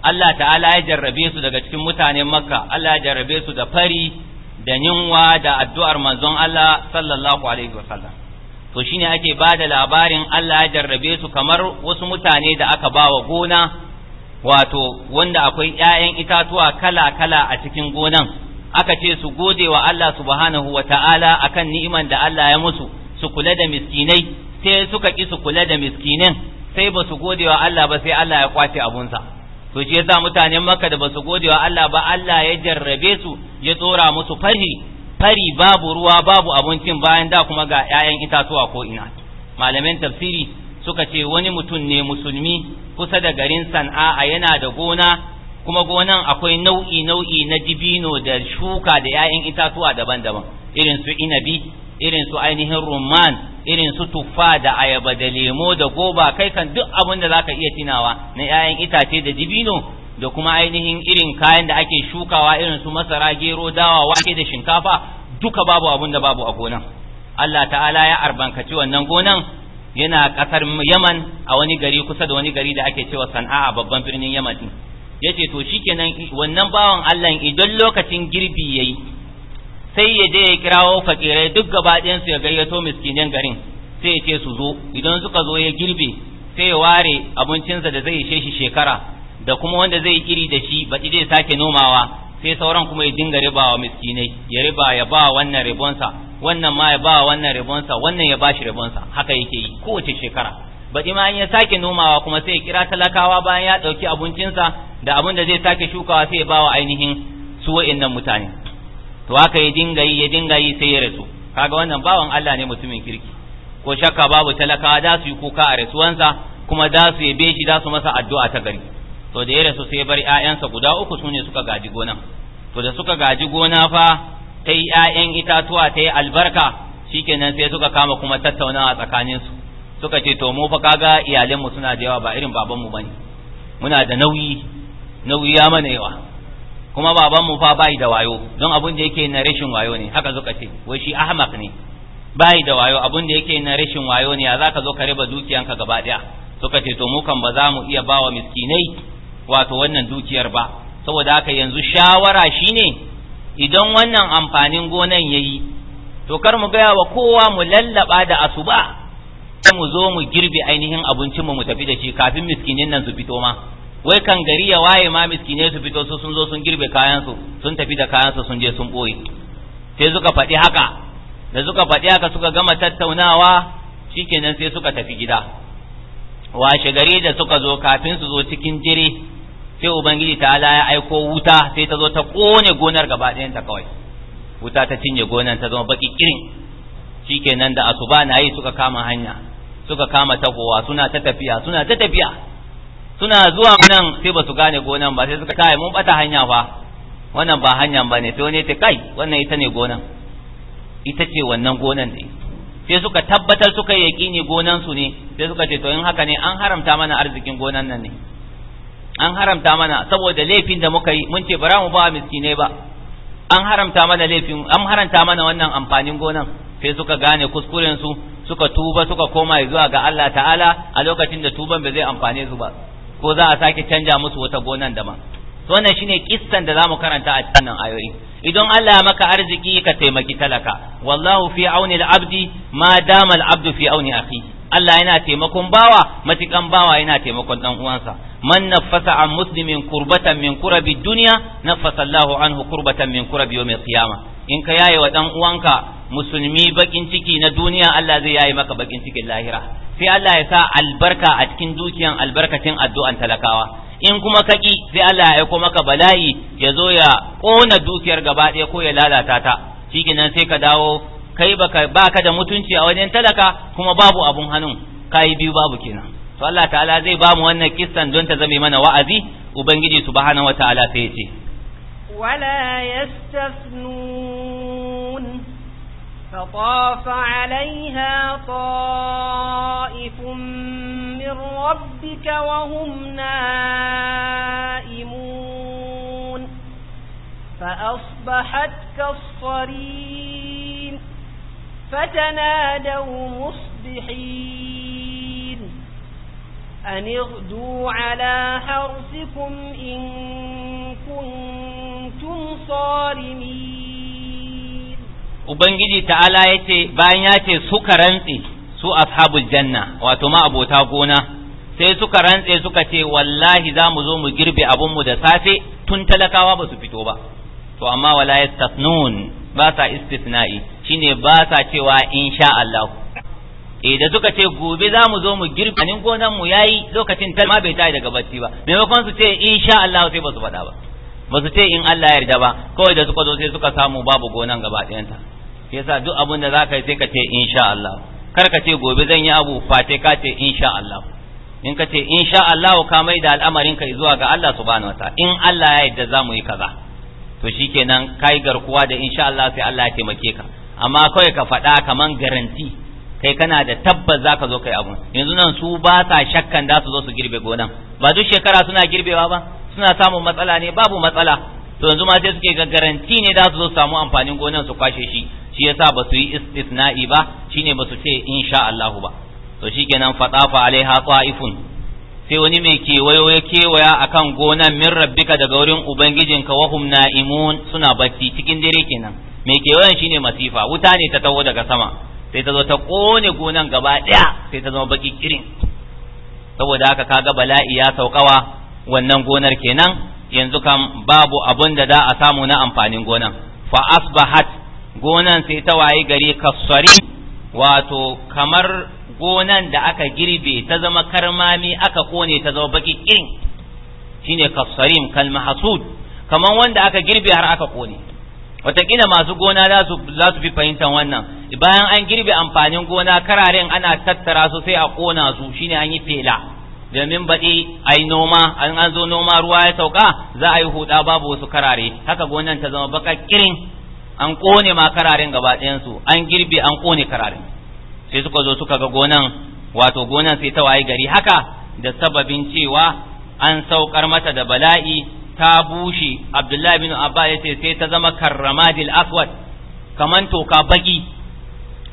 Allah ta'ala ya jarrabe su daga cikin mutanen makka Allah ya jarrabe su da fari da yunwa da addu'ar manzon Allah sallallahu alaihi wasallam to shine ake ba da labarin Allah ya jarrabe su kamar wasu mutane da aka ba wa gona wato wanda akwai ‘ya'yan itatuwa kala-kala a cikin gonan aka ce su gode wa Allah subhanahu wa ta'ala a kan ni'iman da Allah ya musu su kula da miskinai sai suka ƙi su kula da miskinin sai ba su gode wa Allah ba sai Allah ya kwace abunsa to shi yasa mutanen makka da basu gode wa Allah ba Allah ya jarrabe su ya tsora musu fari fari babu ruwa babu abincin bayan da kuma ga 'ya'yan itatuwa ko ina malamin tafsiri suka ce wani mutum ne musulmi kusa da garin San'a yana da gona kuma gonan akwai nau'i nau'i na dibino da shuka da 'ya'yan itatuwa daban-daban irin su inabi irin su ainihin rumman irin su tuffa da ayaba da lemo da goba kai kan duk abin da zaka iya tinawa na 'ya'yan itace da dibino da kuma ainihin irin kayan da ake shukawa irin su masara gero dawa wake da shinkafa duka babu abin da babu a gonan Allah ta'ala ya arbankaci wannan gonan yana kasar Yaman a wani gari kusa da wani gari da ake cewa Sana'a babban birnin Yaman din yace to shikenan wannan bawan Allah idan lokacin girbi yayi sai ya je ya kirawo fakirai duk gaba ɗayan su ya gayyato miskinin garin sai ya ce su zo idan suka zo ya girbe sai ya ware abincinsa da zai ishe shi shekara da kuma wanda zai yi iri da shi baɗi zai sake nomawa sai sauran kuma ya dinga riba wa miskinai ya riba ya ba wannan ribonsa wannan ma ya ba wannan ribonsa wannan ya bashi ribonsa haka yake yi kowace shekara baɗi ma in ya sake nomawa kuma sai ya kira talakawa bayan ya ɗauki abincinsa da abin da zai sake shukawa sai ya ba wa ainihin su nan mutane to haka ya dinga yi ya dinga yi sai ya rasu kaga wannan bawan Allah ne mutumin kirki ko shakka babu talakawa za su yi kuka a rasuwansa kuma za su yabe shi za su masa addu'a ta gari to da ya rasu sai bar ƴaƴansa guda uku sune suka gaji gona to da suka gaji gona fa ta yi ƴaƴan itatuwa ta yi albarka shikenan sai suka kama kuma tattaunawa tsakanin su suka ce to mu fa kaga iyalanmu suna da yawa ba irin babanmu bane muna da nauyi nauyi ya mana yawa kuma baban mu fa bai da wayo don abun da yake na rashin wayo ne haka ka ce wai shi ahmak ne bai da wayo abun da yake na rashin wayo ne ya zaka zo ka riba dukiyanka gaba daya suka ce to mu kan ba za mu iya bawa miskinai wato wannan dukiyar ba saboda haka yanzu shawara shine idan wannan amfanin gonan yayi to kar mu gaya wa kowa mu lallaba da asuba mu zo mu girbe ainihin abincinmu mu tafi da shi kafin miskinin nan su fito ma wai kan gari ya waye ma miskine su fito su sun zo sun girbe kayansu sun tafi da kayansu sun je sun ɓoye sai suka faɗi haka da suka faɗi haka suka gama tattaunawa shikenan sai suka tafi gida washe gari da suka zo kafin su zo cikin dare sai ubangiji ta ala ya aiko wuta sai ta zo ta kone gonar gaba ta kawai wuta ta cinye gonar ta zama baki kirin shikenan da asuba na yi suka kama hanya suka kama tahowa suna ta tafiya suna ta tafiya suna zuwa nan sai ba su gane gonan ba sai suka kai mun bata hanya ba wannan ba hanya ba ne sai wani ta kai wannan ita ne gonan ita ce wannan gonan ne sai suka tabbatar suka yi yaƙini gonan su ne sai suka ce to in haka ne an haramta mana arzikin gonan nan ne an haramta mana saboda laifin da muka yi mun ce bara mu ba miskinai ba an haramta mana laifin an haramta mana wannan amfanin gonan sai suka gane kuskuren su suka tuba suka koma zuwa ga Allah ta'ala a lokacin da tuban ba zai amfane su ba ko za a sake canja musu wata gonan daban to wannan shine kissan da zamu karanta a cikin ayoyi idan Allah ya maka arziki ka taimaki talaka wallahu fi auni al-abdi ma dama al-abdu fi auni akhihi Allah yana taimakon bawa matikan bawa yana taimakon dan uwansa man nafasa an muslimin kurbatan min kurabi dunya nafasa Allahu anhu kurbatan min kurabi yawm al-qiyamah in ka yaye wa dan uwanka musulmi bakin ciki na duniya Allah zai yayi maka bakin cikin lahira sai Allah ya sa albarka a cikin dukiyan albarkacin addu'an talakawa in kuma kaki sai Allah ya aiko maka bala'i ya zo ya kona dukiyar gaba ɗaya ko ya lalata ta nan sai ka dawo kai baka baka da mutunci a wajen talaka kuma babu abun hannun kai biyu babu kenan to Allah ta'ala zai ba mu wannan kissan don ta zame mana wa'azi ubangiji subhanahu wata'ala sai ya ce wala yastafnun فطاف عليها طائف من ربك وهم نائمون فأصبحت كالصريم فتنادوا مصبحين أن اغدوا على حرثكم إن كنتم صارمين ubangiji ta'ala ya ce bayan ya ce suka rantse su ashabul janna wato ma abota gona sai suka rantse suka ce wallahi za mu zo mu girbe abinmu da safe tun talakawa ba su fito ba to amma wala yastasnun ba sa istisna'i shine ba sa cewa insha Allah eh da suka ce gobe za mu zo mu girbe anin gonan mu yayi lokacin talma bai tayi daga bacci ba maimakon su ce insha Allah sai ba su faɗa ba ba su ce in Allah ya yarda ba kawai da suka zo sai suka samu babu gonan gaba ɗayanta yasa duk abin da zaka yi sai ka ce insha Allah kar ka ce gobe zan yi abu fate ka ce insha Allah in ka ce insha Allah ka mai da al'amarin ka zuwa ga Allah subhanahu wata in Allah ya yarda zamu yi kaza to shikenan kai garkuwa da insha Allah sai Allah ya taimake ka amma kawai ka faɗa kaman garanti kai kana da tabbas zaka zo kai abu yanzu nan su ba sa shakkan da su zo su girbe gonan ba duk shekara suna girbewa ba suna samun matsala ne babu matsala to yanzu ma sai suke ga garanti ne da su zo su samu amfanin gonan su kwashe shi shi yasa ba su yi istisna'i ba shine ba su ce insha Allah ba to shi kenan fatafa alaiha qa'ifun sai wani mai kewayo ya kewaya akan gonan min rabbika daga wurin ubangijinka wa hum na'imun suna bacci cikin dare kenan mai kewayan shine masifa wuta ne ta taho daga sama sai ta zo ta kone gonan gaba daya sai ta zama baki kirin saboda haka kaga bala'i ya saukawa wannan gonar kenan yanzu kam babu abun da za a samu na amfanin gonan fa asbahat gonan sai ta waye gari kasari wato kamar gonan da aka girbe ta zama karmami aka kone ta zama baki kirin shine kasarim mahasud. Kamar wanda aka girbe har aka kone watakila masu gona za su za su fi fahimtar wannan bayan an girbe amfanin gona kararen ana tattara su sai a kona su shine an yi fela domin baɗi a yi noma an an zo noma ruwa ya sauka za a yi huɗa babu wasu karare haka gonan ta zama baka kirin an ƙone ma kararin gaba ɗayansu an girbe an kone kararin sai suka zo suka ga gonan wato gonan sai ta waye gari haka da sababin cewa an saukar mata da bala'i ta bushe abdullahi bin abba ya ce sai ta zama karramadil aswad kaman toka baki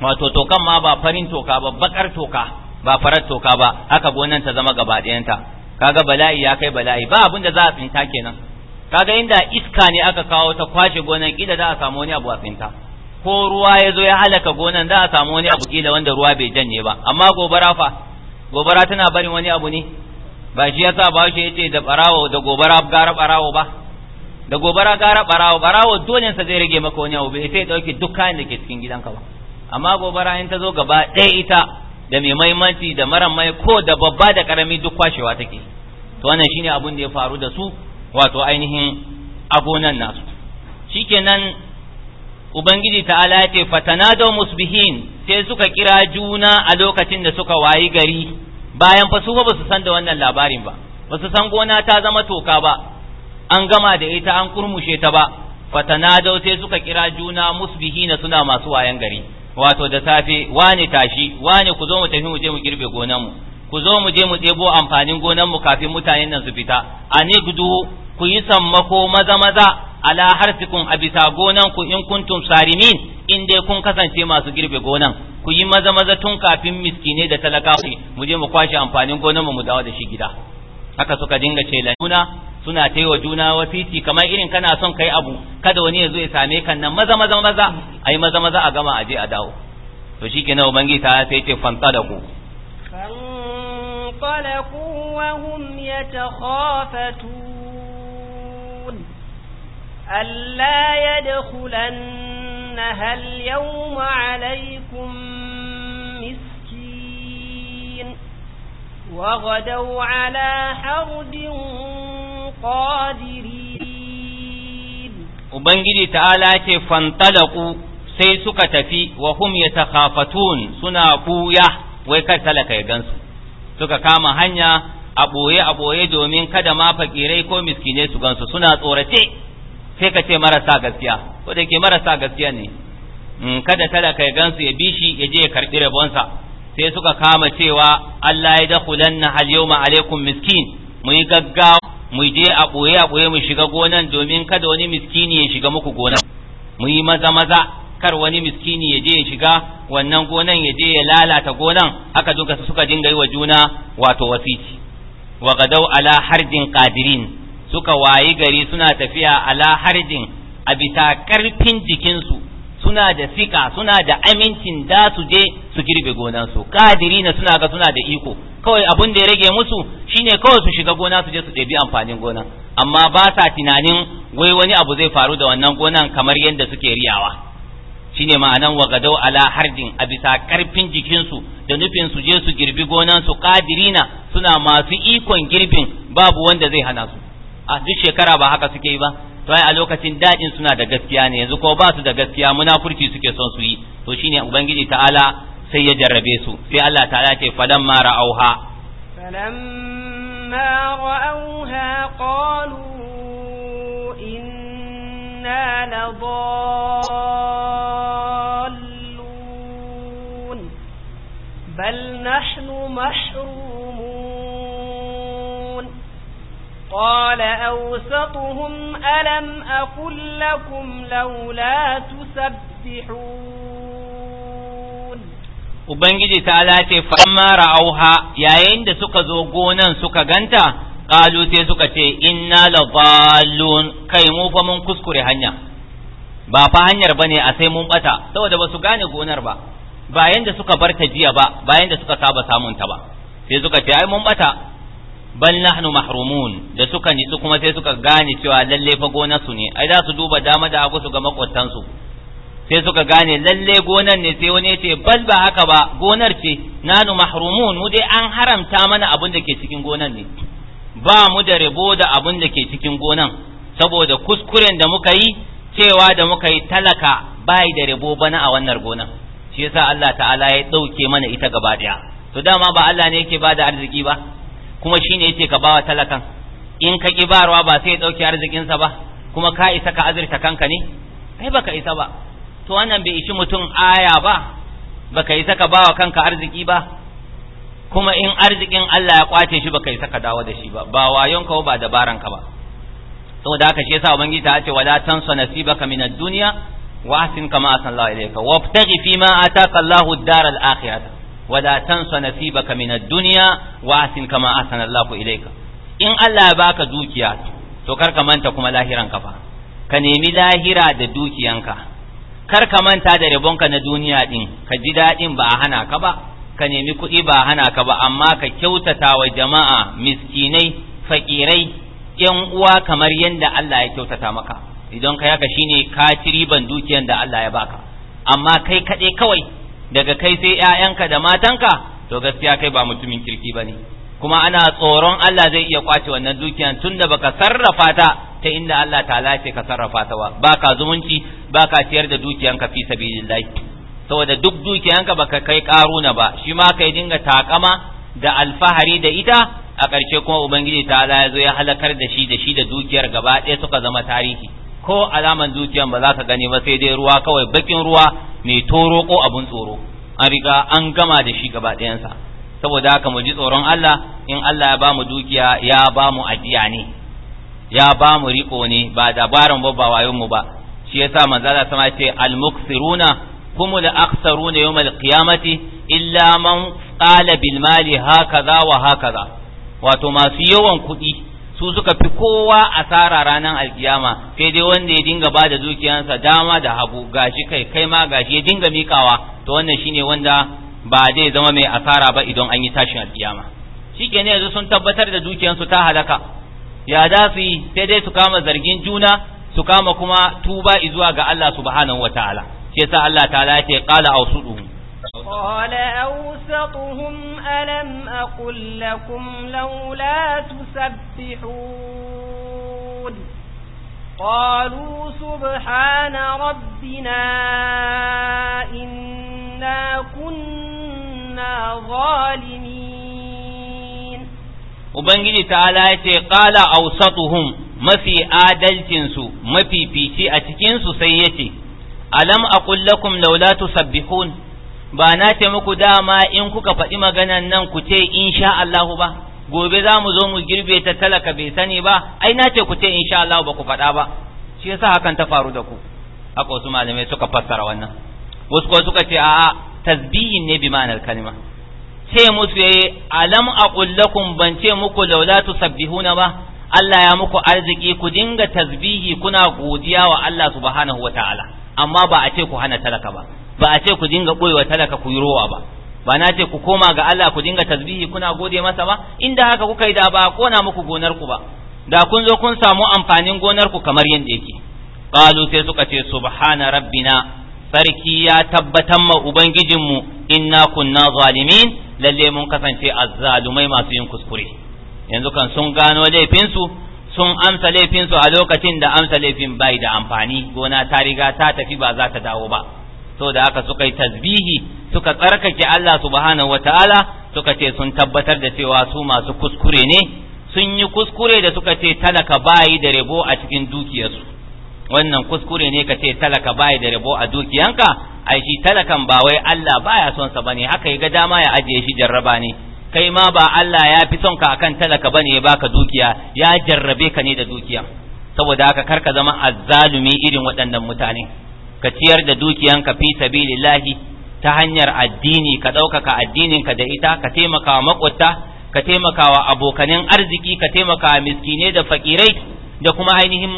wato tokan ma ba farin toka ba bakar toka ba farar toka ba haka gonan ta zama gaba ɗayanta kaga bala'i ya kai bala'i ba abin da za a tsinta kenan kaga inda iska ne aka kawo ta kwashe gonan kila da a samu wani abu a finta ko ruwa ya zo ya halaka gonan da a samu wani abu kila wanda ruwa bai janye ba amma gobara fa gobara tana barin wani abu ne ba shi yasa ba shi yace da barawo da gobara gara barawo ba da gobara gara barawo barawo dole sa zai rage maka wani abu bai sai dauke duk kayan da ke cikin gidanka ba amma gobara in ta zo gaba ɗaya ita da mai maimanci da mara mai ko da babba da karami duk kwashewa take to wannan shine abun da ya faru da su wato ainihin agonan nasu shikenan ubangiji ta'ala ya ce da musbihin sai suka kira juna a lokacin da suka wayi gari bayan fa su ba su san da wannan labarin ba ba su san gona ta zama toka ba an gama da ita an kurmushe ta ba fatana da sai suka kira juna musbihina suna masu wayan gari wato da safe wane tashi wane ku zo mu tafi mu je mu girbe gonan mu ku zo mu je mu ɗebo amfanin gonan mu kafin mutanen nan su fita a gudu ku yi sammako maza maza ala harsikun a bisa gonan ku in kuntum sarimin in dai kun kasance masu girbe gonan ku yi maza maza tun kafin miskine da talakawa mu je mu kwashe amfanin gonan mu mu dawo da shi gida haka suka dinga ce juna suna ta wa juna wasiti kamar irin kana son kai abu kada wani ya zo ya same kan nan maza maza maza yi maza maza a gama a je a dawo to shikenan ubangiji ta sai ce fanta da ku انطلقوا وهم يتخافتون ألا يدخلنها اليوم عليكم مسكين وغدوا على حرد قادرين وبنجي تعالى فانطلقوا sai suka tafi wa hum yatakhafatun suna kuya wai kar talaka ya gansu suka kama hanya a ɓoye a ɓoye domin kada ma fakirai ko miskinai su gansu suna tsorace sai ka ce marasa gaskiya ko da ke marasa gaskiya ne mm, kada talaka ya gansu ya bi shi ya je ya karɓi rabonsa sai suka kama cewa Allah ya da na na yawma alaikum miskin mu yi gaggawa mu je a ɓoye a ɓoye mu shiga gonan domin kada wani miskini ya shiga muku gonan mu yi maza maza kar wani miskini ya je ya shiga wannan gonan ya je ya lalata gonan haka duka suka dinga yi wa juna wato wasiti wa gadau ala harjin qadirin suka wayi gari suna tafiya ala harjin. a bisa karfin jikinsu suna da sika suna da amincin da su je su girbe gonansu kadirina suna ga suna da iko kawai abun da ya rage musu shine kawai su shiga gona su je su ɗebi amfanin gona amma ba sa tunanin wai wani abu zai faru da wannan gonan kamar yadda suke riyawa shine ma'anan wa gadau ala hardin a bisa karfin jikinsu da nufin su je su girbi gonan su kadirina suna masu ikon girbin babu wanda zai hana su a duk shekara ba haka suke yi ba to a lokacin dadin suna da gaskiya ne yanzu ko ba su da gaskiya munafurci suke son su yi to shine ubangiji ta'ala sai ya jarrabe su sai Allah ta'ala ce falamma ra'auha ma ra'auha qalu إِنَّا لَضَالُّونَ بَلْ نَحْنُ مَحْرُومُونَ قَالَ أَوْسَطُهُمْ أَلَمْ أَقُلْ لَكُمْ لَوْلَا تُسَبِّحُونَ وَبَنِي جِتَالَاتِ فَمَا رَأَوْهَا يَا أَيُّهَا الَّذِينَ سُكِّزُوا غُنَن سُكَ غَنْتَا Kalu sai suka ce inna ladallun kai mu fa mun kuskure hanya ba fa hanyar bane a sai mun bata saboda basu gane gonar ba ba yanda suka bar jiya ba ba yanda suka saba samun ta ba sai suka ce ai mun bata bal nahnu mahrumun da suka su kuma sai suka gane cewa lalle fa gonar su ne ai za su duba dama da hagu su ga makwattan su sai suka gane lalle gonar ne sai wani ce bal ba haka ba gonar ce nanu mahrumun mu dai an haramta mana abin da ke cikin gonar ne ba mu da rabo da abin da ke cikin gonan saboda kuskuren da muka yi cewa da muka yi talaka bai da rabo bana a wannan gonan shi yasa Allah ta'ala ya dauke mana ita gaba daya to dama ba Allah ne yake bada arziki ba kuma shine yace ka bawa talakan in ka kibarwa ba sai ya dauke arzikin sa ba kuma ka isa ka azurta kanka ne kai baka isa ba to wannan bai ishi mutum aya ba baka isa ka bawa kanka arziki ba kuma in arzikin Allah ya kwace shi baka yi saka dawo da shi ba ba wayon ka ba dabaran ka ba saboda haka shi yasa ubangiji ta ce wala tansa nasibaka min ad-dunya wa ahsin kama ahsana Allah ilayka wabtaghi fi ma ataka Allahu ad-dar al-akhirah wala tansa nasibaka min ad-dunya wa ahsin kama ahsana Allah ilayka in Allah ya baka dukiya to kar ka manta kuma lahiran ka fa ka nemi lahira da dukiyanka kar ka manta da rabonka na duniya din ka ji dadin ba a hana ka ba ka nemi kuɗi ba hana ka ba amma ka kyautata wa jama'a miskinai fakirai ƴan uwa kamar yadda Allah ya kyautata maka idan ka yaka shine ka ci riban dukiyar da Allah ya baka amma kai kaɗai kawai daga kai sai ƴaƴanka da matanka to gaskiya kai ba mutumin kirki bane kuma ana tsoron Allah zai iya kwace wannan dukiyan tunda baka sarrafa ta ta inda Allah ta lace ka sarrafa ta ba ka zumunci ba ka ciyar da dukiyanka fi sabilillah saboda duk dukiyanka baka kai karuna ba shi ma kai dinga takama da alfahari da ita a ƙarshe kuma ubangiji ta ya zo ya halakar da shi da shi da dukiyar gaba ɗaya suka zama tarihi ko alaman dukiyan ba za ka gani ba sai dai ruwa kawai bakin ruwa mai toro ko abun tsoro an riga an gama da shi gaba ɗayansa saboda haka mu ji tsoron Allah in Allah ya ba mu dukiya ya ba mu ajiya ne ya bamu riko ne ba dabaran ba ba mu ba shi yasa manzala sama ce al-muksiruna هم الأخسرون يوم القيامة إلا من قال بالمال هكذا وهكذا masu yawan كدي su suka fi kowa asara ranar alkiyama sai dai wanda ya dinga ba da dukiyansa dama da hagu gashi kai kai ma gashi ya dinga mikawa to wannan shine wanda ba zai zama mai asara ba idan an yi tashin alkiyama shikenan yanzu sun tabbatar da dukiyansu ta halaka ya za su yi sai dai su kama zargin juna su kama kuma tuba zuwa ga Allah subhanahu wataala yasa Allah ta'ala ya ce قال أوسطهم ألم أقل لكم لولا تسبحون قالوا سبحان ربنا إنا كنا ظالمين وبنجي تعالى قال أوسطهم ما في آدلتنسو ما في بيتي أتكنسو سيتي alam aqul lakum la tusabbihun ba na ce muku dama in kuka faɗi maganan nan ku ce insha Allahu ba gobe za mu zo mu girbe ta talaka bai sani ba ai na ce ku ce insha Allahu ba ku faɗa ba shi yasa hakan ta faru da ku haka wasu malamai suka fassara wannan wasu ko suka ce a'a tasbihin ne bi ma'anar kalma ce musu yayi eh, alam aqul lakum ban ce muku la tusabbihuna ba Allah ya muku arziki ku dinga tasbihi kuna godiya wa Allah subhanahu wataala amma ba a ce ku hana talaka ba ba a ce ku dinga boyewa talaka ku yi rowa ba ba na ce ku koma ga Allah ku dinga tasbihi kuna gode masa ba inda haka kuka yi da ba kona muku gonar ku ba da kun zo kun samu amfanin gonar ku kamar yadda yake qalu sai suka ce subhana rabbina sarki ya tabbatar ma ubangijinmu inna kunna zalimin lalle mun kasance azzalumai masu yin kuskure yanzu kan sun gano laifin su sun amsa laifinsu a lokacin da amsa laifin bai da amfani gona ta riga ta tafi ba za ta dawo ba to da aka suka yi tasbihi suka tsarkake Allah subhanahu wataala suka ce sun tabbatar da cewa su masu kuskure ne sun yi kuskure da suka ce talaka bayi da rabo a cikin dukiyarsu wannan kuskure ne ka ce talaka bayi da rabo a dukiyanka ai shi talakan ba wai Allah baya son sa bane haka ya ga dama ya ajiye shi jarraba ne kai ma ba Allah ya fi son ka akan talaka bane ya baka dukiya ya jarrabe ka ne da dukiya saboda haka kar ka zama azzalumi irin waɗannan mutane ka ciyar da ka fi sabilillahi ta hanyar addini ka ɗaukaka ka da ita ka taimaka wa ka taimaka wa abokanin arziki ka taimaka wa miskinai da fakirai da kuma ainihin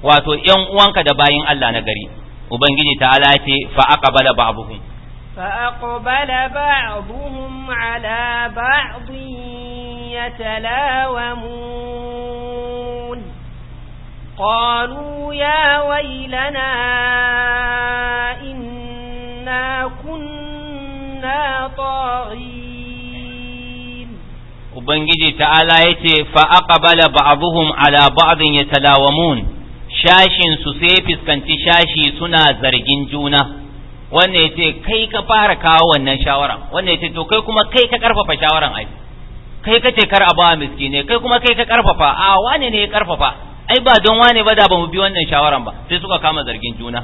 wato ƴan uwanka da bayin Allah na gari ubangiji ta'ala ce fa aqbala ba'dhum فأقبل بعضهم على بعض يتلاومون قالوا يا ويلنا إنا كنا طاغين وبنجي تعالى يتي فأقبل بعضهم على بعض يتلاومون شاشن سسيفس كانت شاشي سنا زرجين جونه wannan yace kai ka fara kawo wannan shawaran wannan yace to kai kuma kai ka karfafa shawaran ai kai ka ce kar a ba miskine kai kuma kai ka karfafa a wane ne ya karfafa ai ba don wane ba da ba mu bi wannan shawaran ba sai suka kama zargin juna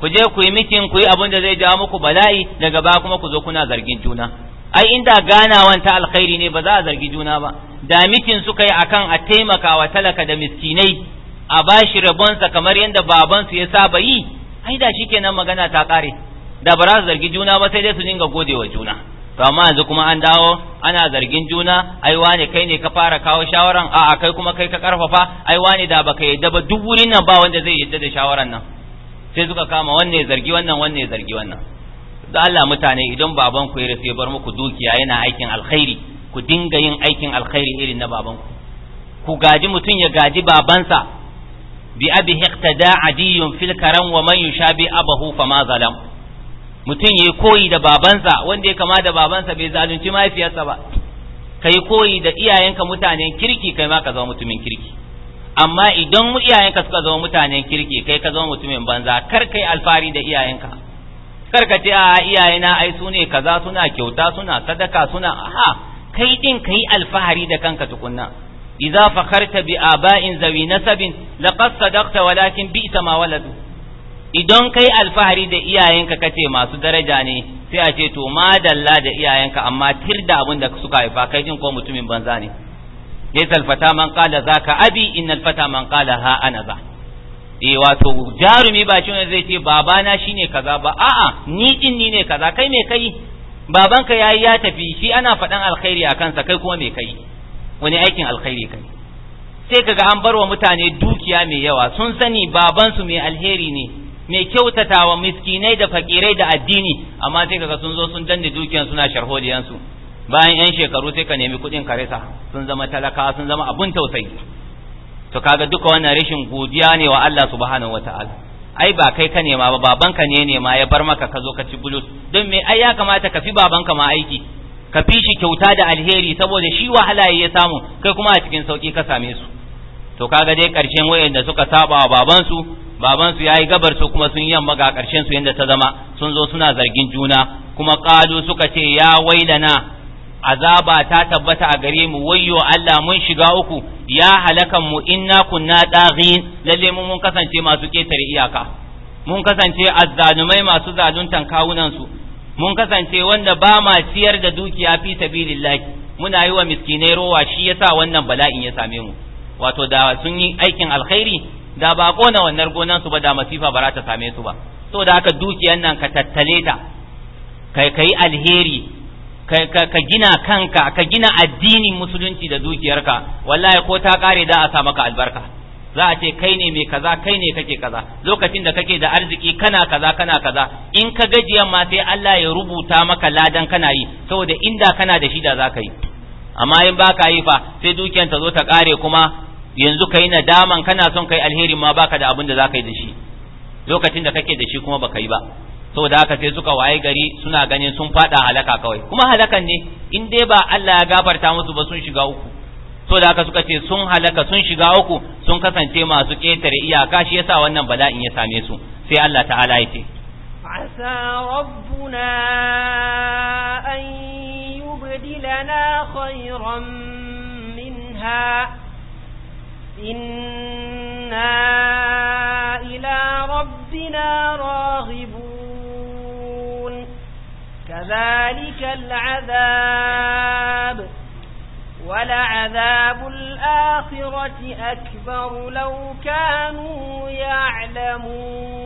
ku je ku yi mikin ku yi abin da zai jawo muku bala'i daga ba kuma ku zo kuna zargin juna ai inda ganawan ta alkhairi ne ba za a zargi juna ba da mikin suka yi akan a taimaka wa talaka da miskinai a bashi rabonsa kamar yadda babansu ya saba yi ai da shikenan magana ta kare da ba za su zargi juna ba sai dai su dinga gode wa juna to amma yanzu kuma an dawo ana zargin juna ai wane kai ne ka fara kawo shawaran a a kai kuma kai ka karfafa ai wane da baka yadda ba duk wurin nan ba wanda zai yadda da shawaran nan sai suka kama wanne zargi wannan wanne zargi wannan da Allah mutane idan baban ku ya rufe bar muku dukiya yana aikin alkhairi ku dinga yin aikin alkhairi irin na baban ku ku gaji mutum ya gaji babansa bi abi hektada adiyun fil karam wa man yushabi abahu fama zalam mutum ya yi koyi da babansa wanda ya kama da babansa bai zalunci mahaifiyarsa ba kai koyi da iyayenka mutanen kirki kai ma ka zama mutumin kirki amma idan iyayenka suka zama mutanen kirki kai ka zama mutumin banza kar kai alfari da iyayenka kar ka ce a iyayena ai su ne kaza suna kyauta suna sadaka suna aha kai din kai alfahari da kanka tukunna idza fakharta bi aba'in zawi nasabin laqad sadaqta walakin bi'sa ma waladu idan kai alfahari da iyayenka kace masu daraja ne sai a ce to madalla da iyayenka amma tirda abin da suka haifa kai jin ko mutumin banza ne laysa alfata man qala zaka abi innal fata man qala ha ana za eh wato jarumi ba shi zai ce babana shine kaza ba a'a ni din ni ne kaza kai me kai babanka yayi ya tafi shi ana faɗan alkhairi a kansa kai kuma me kai wani aikin alkhairi kai sai kaga an barwa mutane dukiya mai yawa sun sani babansu mai alheri ne mai kyautatawa miskinai da fakirai da addini amma sai kaga sun zo sun danne dukiyan suna sharhodiyansu bayan yan shekaru sai ka nemi kuɗin ka resa sun zama talaka sun zama abun tausayi to kaga duka wannan rashin godiya ne wa Allah subhanahu wataala ai ba kai ka nema ba babanka ne nema ya bar maka ka zo ka ci bulus don me ai ya kamata ka fi babanka ma aiki ka fi shi kyauta da alheri saboda shi wahala ya samu kai kuma a cikin sauki ka same su to kaga dai karshen wayanda suka saba wa babansu babansu ya yi gabar su kuma sun yamma ga ƙarshen su yadda ta zama sun zo suna zargin juna kuma ƙalu suka ce ya wailana azaba ta tabbata a gare mu wayyo Allah mun shiga uku ya halakan mu inna kunna daghin lalle mun mun kasance masu ketare iyaka mun kasance azzalumai masu zaluntan kawunan su mun kasance wanda ba ma ciyar da dukiya fi sabilillahi muna yi wa miskinai rowa shi yasa wannan bala'in ya same mu wato da sun yi aikin alkhairi da ba kona wannan gonan su ba da masifa ba za ta same su ba saboda haka dukiyar nan ka tattale ta kai kai alheri ka gina kanka ka gina addinin musulunci da dukiyarka wallahi ko ta kare da a sa maka albarka za a ce kai ne mai kaza kai ne kake kaza lokacin da kake da arziki kana kaza kana kaza in ka gajiyan ma sai Allah ya rubuta maka ladan kana yi saboda inda kana da shi da za ka yi amma in baka yi fa sai dukiyar ta zo ta kare kuma yanzu kai nadaman kana son kai alheri ma baka da abin da zaka yi da shi lokacin da kake da shi kuma baka yi ba saboda haka sai suka waye gari suna ganin sun fada halaka kawai kuma halakan ne in dai ba Allah ya gafarta musu ba sun shiga uku saboda haka suka ce sun halaka sun shiga uku sun kasance masu ketare iyaka shi yasa wannan bala'in ya same su sai Allah ta'ala ya ce عسى ربنا أن يبدلنا خيرا منها إنا إلى ربنا راغبون كذلك العذاب ولعذاب الآخرة أكبر لو كانوا يعلمون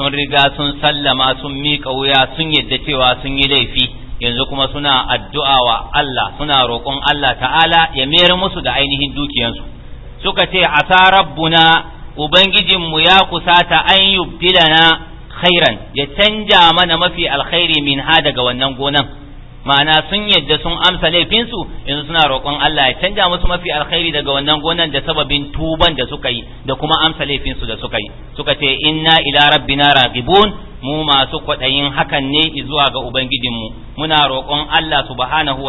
sun riga sun sallama sun miƙa wuya sun yadda cewa sun yi laifi yanzu kuma suna addu'a wa Allah suna roƙon Allah ta'ala ya mayar musu da ainihin dukiyansu suka ce asa rabbuna ubangijinmu ya kusata an na khairan ya canja mana mafi alkhairi min ha daga wannan gonan ma'ana sun yadda sun amsa laifinsu yanzu suna roƙon Allah ya canja musu mafi alkhairi daga wannan gonan da sababin tuban da suka yi da kuma amsa laifinsu da suka yi suka ce inna ila rabbina ragibun mu masu kwaɗayin hakan ne zuwa ga ubangijinmu muna roƙon Allah subhanahu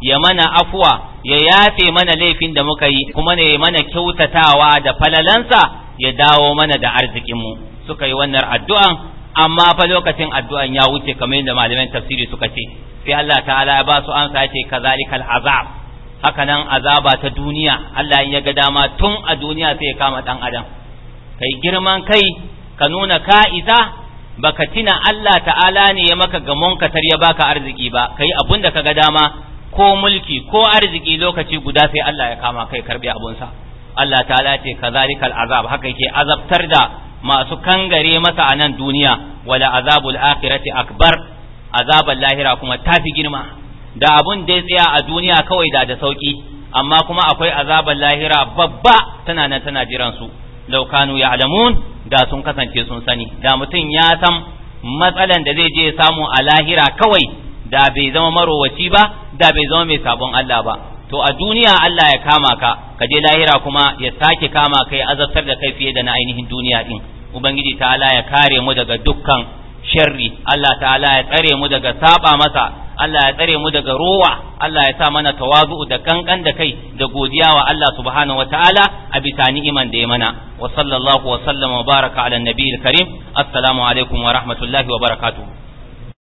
ya mana afuwa ya yafe mana laifin da muka yi kuma ne mana kyautatawa da falalansa ya dawo mana da arzikinmu suka yi wannan addu'an amma fa lokacin addu'an ya wuce kamar yadda malaman tafsiri suka ce sai Allah ta'ala ya ba su an sa ce kazalikal azab haka nan azaba ta duniya Allah in ya ga dama tun a duniya sai ya kama ɗan adam kai girman kai ka nuna ka'iza baka tina Allah ta'ala ne ya maka gamon munkatar ya baka arziki ba kai abun da kaga dama ko mulki ko arziki lokaci guda sai Allah ya kama kai karbi abunsa Allah ta'ala ce kazalikal azab haka yake azabtar da masu kangare masa a nan duniya wala azabul akhirati akbar azabul lahira kuma tafi girma da abun da ya tsaya a duniya kawai da da sauki amma kuma akwai azabar lahira babba tana nan tana jiran su law kanu ya'lamun da sun kasance sun sani da mutum ya san matsalan da zai je samu a lahira kawai da bai zama marowaci ba da bai zama mai sabon Allah ba to a duniya Allah ya kama ka ka je lahira kuma ya sake kama kai azabtar da kai fiye da na ainihin duniya din ubangiji ta'ala ya kare mu daga dukkan sharri Allah ta'ala ya tsare mu daga saba masa Allah ya tsare mu daga rowa Allah ya sa mana tawazu'u da kankan da kai da godiya wa Allah subhanahu wataala a bisa ni'iman da ya mana wa sallallahu wa sallama baraka ala nabiyil karim assalamu alaikum wa rahmatullahi wa barakatuh